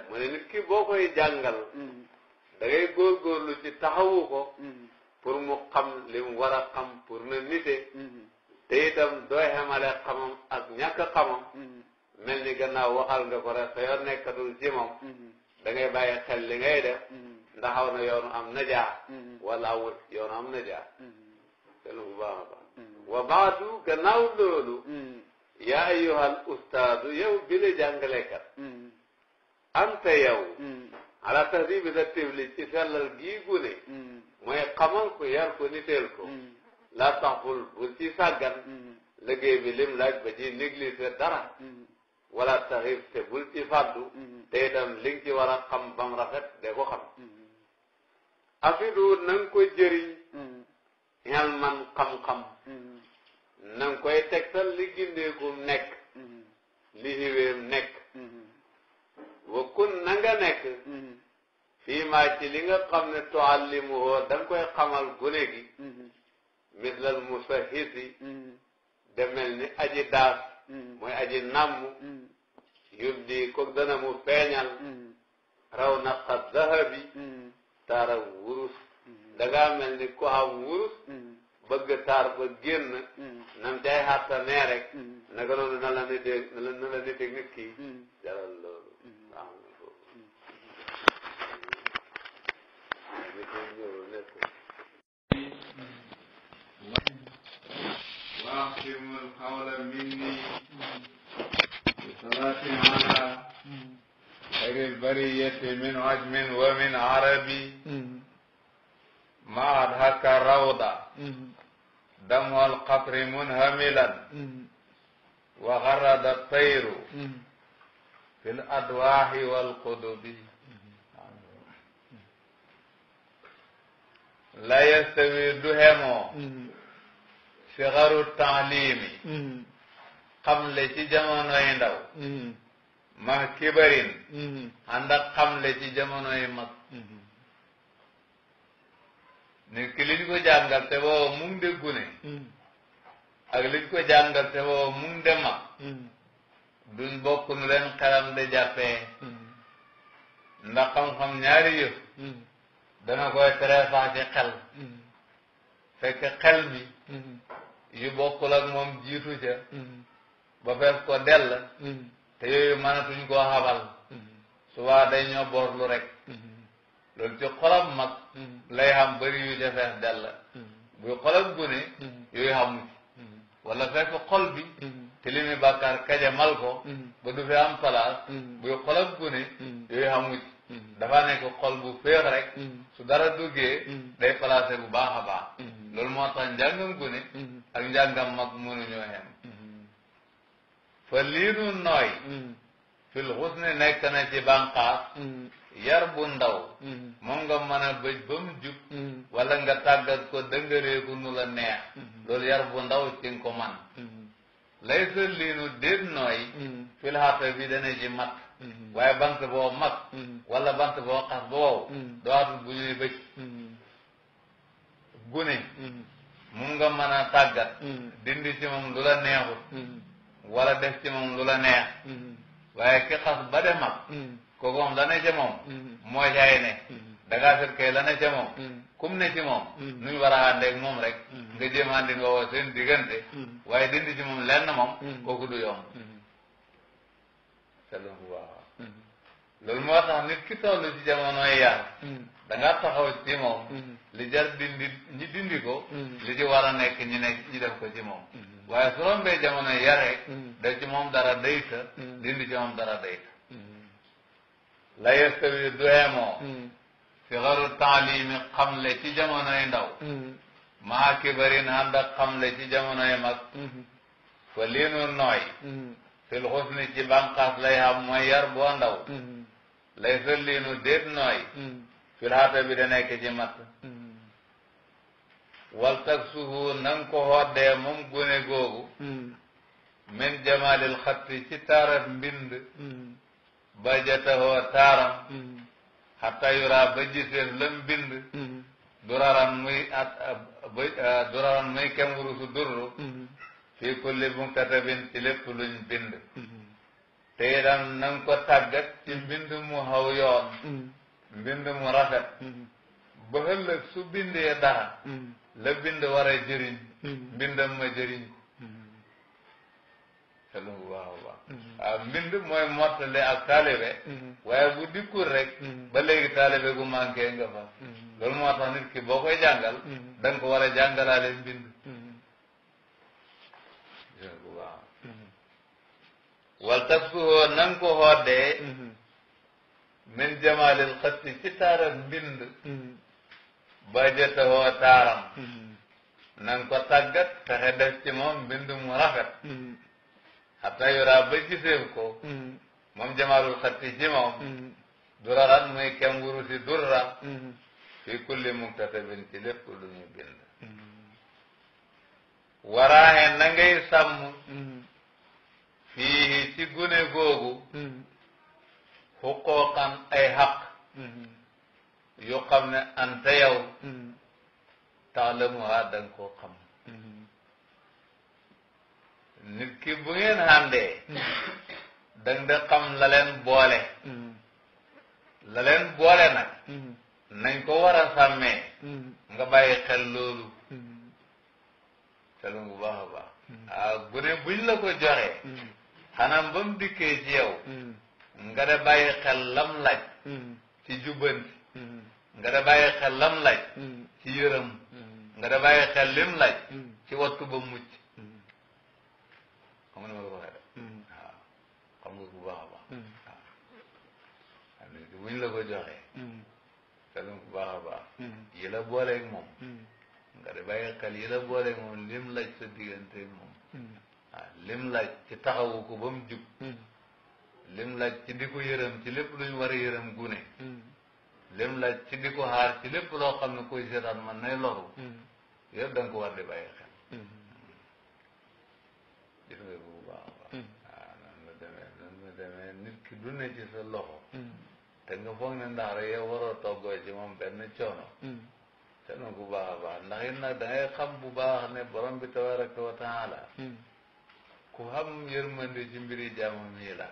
mu ne nit ki boo koy jàngal da ngay góorgóorlu ci taxawu ko pour mu xam li mu war a pour na nite te itam dooy xamale xamam ak ñàkk xamam mel ni gannaaw waxal nga ko rek sa yoon nekkatul ci moom da ngay li ngay def ndaxaw na yoonu am najaa mm-hmm. wala awut yoonu am najaa kenn mm-hmm. bu baax mm-hmm. yaa ayyuhal ustaadu yow bi la jàngalekat anta yow ala tahdibi sa tébli ci sellal gii gune mooy xamal ko yar ko niteel ko laa tax bul bul ci sàggan liggéey bi lim laaj wala taxif te bul ci fàddu te itam a xam bam rafet de ko xam afidu na nga ko jëriñ xel mm-hmm. man xam-xam mm-hmm. na nga koy tegtal li gindeegum nekk mm-hmm. li xiwéem nekk wa kun na nekk fii maa ci li nga xam ne tuallimuhu da nga koy xamal gune gi mislal musahisi demel ni aji daas mooy aji namm yub di ko dana mu feeñal raw naqat zahabi taara wurus mm-hmm. dangaa mel ni ku am wurus mm-hmm. bëgg taar ba génn mm-hmm. nam cay xàttanee rek naka noonu na la nitee na loolu am na ko nit ñëw nekk waaxsimul xawla minni خير البرية من عجم ومن عربي ما أضحك الروضة دمع القطر منهملا وغرد الطير في الأدواح والقدب لا يستوي دهم صغر التعليم xam le ci jamonoy ndaw ma kibarin ànd mm-hmm. ak xamle ci jamonoy mag mm-hmm. nit ki liñ ko jàngal te booba mu ngi gune mm-hmm. ak liñ ko te booba mu ngi de mag duñ bokk nu leen xelam de jàppee ndax xam-xam ñaari yëf dana koy tereefaa ci xel fekk xel mi yu bokkul moom jiitu ca ba fees ko dell te yooyu mënatuñ koo xabal suba day ñoo borlu rek loolu ci xolam mag lay xam bëri yu ca fees dell buy xolam gune yooyu xamu ci wala fekk xol bi te li muy bàkkaar ko ba du fi am place buy xolam gune yooyu xamu dafa nekk xol bu féex rek su dara duggee day placé bu baax a baax loolu moo tax njàngam gune ak njàngam mag mënuñoo xem fa liinu nooy hmm. fil xusni nekk na ci bànqaas hmm. yar bu ndaw moom nga mën bëj ba mu jub hmm. wala nga tàggat ko dëngëreeku nu la neex loolu yar bu ndaw ci ko man lay liinu déet nooy fil xarta bi dana ci mat waaye bant boo mag wala bant boo xas ba wow dootul bu bëj gune moom nga mën a tàggat dindi ci moom lu la neexut wala def ci moom lu la neex mm-hmm. waaye ki xas ba de mag mm-hmm. kooku moom la ne ca moom mm-hmm. moo caay ne dangaa seet la ne ca moom kum ne ci moom nuñ war a àndeeg moom rek nga jéem a andi nga woo seen diggante waaye dindi ci moom lenn moom kooku du yomb seetlu bu baax loolu nit ki toll ci jamonoy yar dangaa taxaw ci moom li jar dindi ñi dindi ko li ci war a nekk ñi nekk ñi ko ci moom waaye su rombee jamono yare hmm. def ci moom dara dayta hmm. dindi ci moom dara dayta hmm. la yestawi du yemoo si xaru taalimi xamle ci jamonoy ndaw maa kibarin ànd ak xamle ci jamonoy mag fa lii nu nooy fil xusni ci bànqaas lay xam mooy yar boo ndaw lay sa lii nu déet nooy fil xaata bi da nekk ci matt wal taksuhu na nga ko xoddee moom gune googu hmm. min jamaalil xatti ci hmm. taaram mbind bajatahoo taaram xatta yuraa ba giseef la mbind hmm. duraran muy at duraran muy kem wurusu durru fii kulli muktatabin ci bind te itam na nga ko tàggat ci mbind mu xaw yoon mbind mu rafet ba ëllëg su bindee dara la bind war a jëriñ hmm. ma jëriñ hmm. a baax waaw hmm. ah, mbind mooy mottale ak taalibe waaye bu dikkul rek ba léegi taalibe gu manqué nga fa loolu moo tax nit ki boo koy jàngal da ko war a jàngalaale mbind bu baax wal tas kuhoo na nga ko xoodee min jamaalil ci taaram mbind ba jëta woo taaram hmm. na nga ko tàggat fexe def ci moom mbind mu rafet xataa hmm. yoraa ba giseew ko hmm. moom jamaalul xatti ci moom duraran muy kem wuru si durra fi kulli muktasabin ci lépp lu ñu bind waraaxe na ngay sàmm fii ci gune googu xuqooqan ay xaq yu xam ne anta yow mm-hmm. taalamuha da nga koo xam mm-hmm. nit ki bu ngeen àndee mm-hmm. dang da xam la boole la boole nag nañ ko war a sàmmee nga bàyyi xel loolu xel bu baax a baax ah gune buñ la ko joxee xanaa ba mu dikkee ci yow nga de bàyyi xel lam laaj ci jubbanti nga da bàyyi lam laaj mm. ci yërëm mm. nga da bàyyi lim laaj mm. ci wattu ba mucc xam nga ni ma la ko waxee de waaw xam nga bu baax a baax waaw nit bu ñu la ko joxee te lu bu baax a baax yi la booleeg moom nga da la booleeg moom lim laaj sa digganteeg moom lim laaj ci taxawu ko ba mu jub lim laaj ci di ko yërëm ci lépp luñ war a yërëm gune lim laaj ci di ko xaar ci lépp loo xam ne kuy seetaan man nay loru mm-hmm. yëpp da nga ko war di bàyyi xel mm-hmm. gis nga bu baax baax waaw mm-hmm. ah, noonu demee noonu demee nit ki du ne ci sa loxo te nga foog ne ndax rek yow waroo toggoo ci moom benn coono te noonu bu baax baax ndax it nag da xam bu baax ne borom bi tabaraka wa taala ku xam yërmande ci mbiri jaamam yi la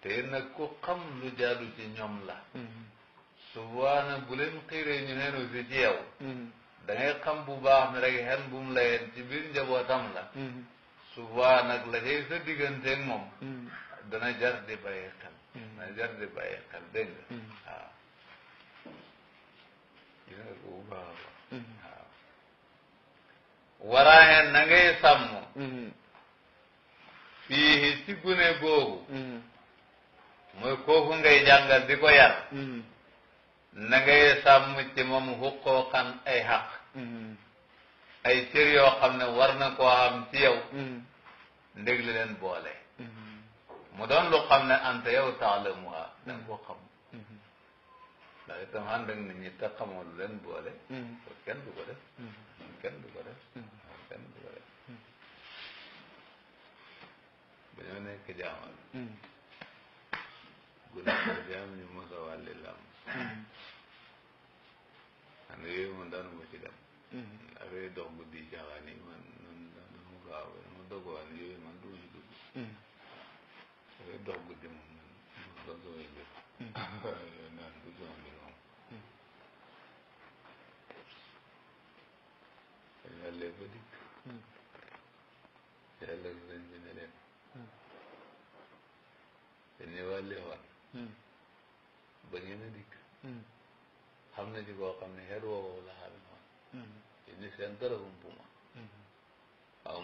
te it nag ku xam lu jaadu ci ñoom la su boobaa nag bu leen xiiree ñu xenu si ci yow da ngay xam bu baax ne rek xen bu mu layeen ci biir njabootam la su boobaa la cay sa digganteeg moom dana jar jar di bàyyi xel dégg nga waraa xen na ngay sàmm fii ci gune googu mooy kooku ngay jàngal di ko yar na ngay sàmm ci moom xuqooqan ay xaq mm-hmm. ay cër yoo xam ne war na koo am ci yow mm-hmm. la leen boole mm-hmm. mu doon lu xam ne anta yow taalamuha da nga ko xam ndax itam ànd ñi te xamoo lu leen boole kon kenn ko def kenn du ko def kenn du ko def ba ñoo nekk jaamal guddi ko jaam ñu mos a wàlli xam ne yooyu moom daanu ma ci dem. Mm-hmm. affaire yi dox guddi yi caaxaan yi man noonu noonu mu gaaw mu dogoon yooyu man du ma ci dugg. Mm-hmm. affaire yi dox guddi moom man du ma mm-hmm. ko doon jëf. yooyu naan du sama mbir moom. yàlla ba dikk. yàlla sëñ bi ne leen. dañuy wàlleewoon. ba ngeen a dikk. am na ci koo xam ne xeet woo woowu la xaal ci ni seen dara humpu ma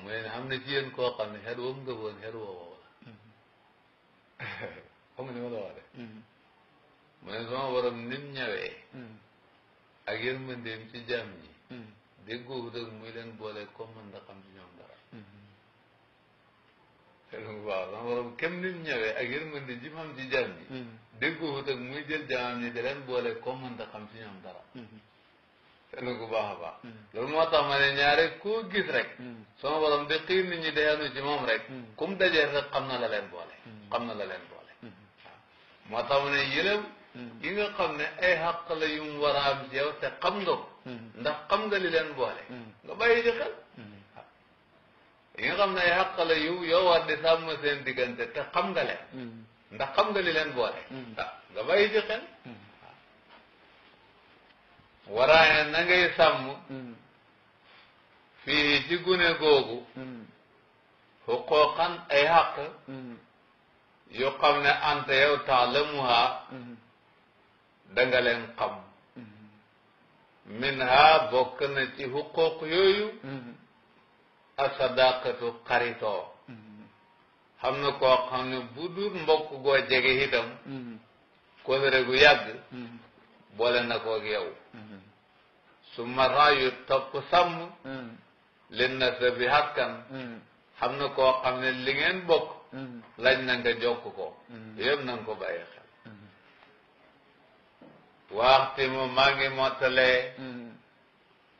mu ne xam na ci yéen koo xam ne xeet woo nga woon xeet woo woowu la xam nga ni ma la mu ne sama borom nim ñawee ak yërmandeem ci jaam ñi déggoo ak muy leen boole comme man ci ñoom dara waaw sama borom kem ni mu ñëwee ak yërmande ji mam ci jaam ñi hmm. déggoo ak muy jël jaamam ñi da leen boole koo mënta xam ci ñoom dara seetlu hmm. ko baax a baax hmm. loolu moo tax ma ne ñaare koo gis rek sama borom di xiir nit ñi dayanu ci moom rek kum dajee rek xam na la leen boole xam na la leen boole moo tax ma ne yëlëm yi nga xam ne ay xàq la yu mu war a am ci yow te xam nga ko ndax xam nga li leen boole nga bàyyi ci xel yi nga xam ne ay xàq la yow war di sàmm seen diggante te xam nga leen mm. ndax xam nga li leen boole ah nga bàyyi ci xel mm. waraaye na ngay sàmm fii ci gune googu xuqooqan ay xàq yoo xam ne anta yow taalamuha danga leen xam min ha bokk na ci xuqooq yooyu asadaqatu xaritoo xam na koo xam ne bu dul mbokk goo jege itam kóllëre gu yàgg boole na koog yow su maraayu topp sàmm leen na sa bi xaskan na koo xam ne li ngeen bokk lañ na nga jokk ko yëpp na nga ko bàyyi xel waxti mu maa ngi mottalee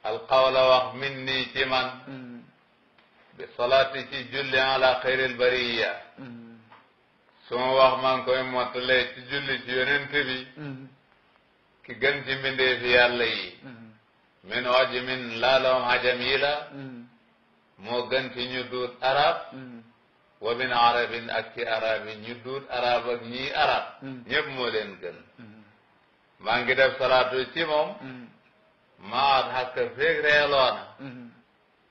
alqawla wax min nii ci man bi salaati ci julli ala xayril bariya suma wax maa koy mottalee ci julli ci yonent bi ki gën ci mbindee fi yàlla yi min oji min laaloom hajam yi la moo gën ci ñu duut arab wa min arabin ak ci arab yi ñu duut arab ak ñii arab ñëpp moo leen gën maa ngi def salaatu ci moom maa at xakk feeg reeloona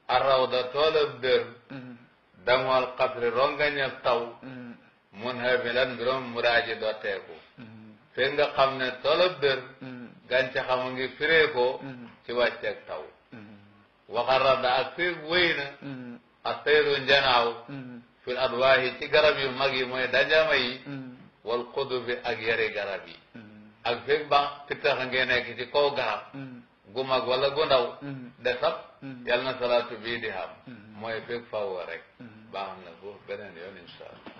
arrawda toolam dër damal xatri rongañal taw mun habilan mbirom muraaji dotteeku fekk nga xam ne toolam dër gàncaxam a ngi fireekoo ci wàcceeg taw waxarada ak fiir wéy na ak tayru njanaaw fil adwaahi ci garab mag yi mooy dajama yi wal xudubi ak yari garab yi ak ba pittax a ngee nekk ci kaw garab gu mag walla gu ndaw de sab Hmm. yàlla na salaatu bii di xam hmm. mooy fekk faw rek hmm. baax na ko beneen yoon incha allah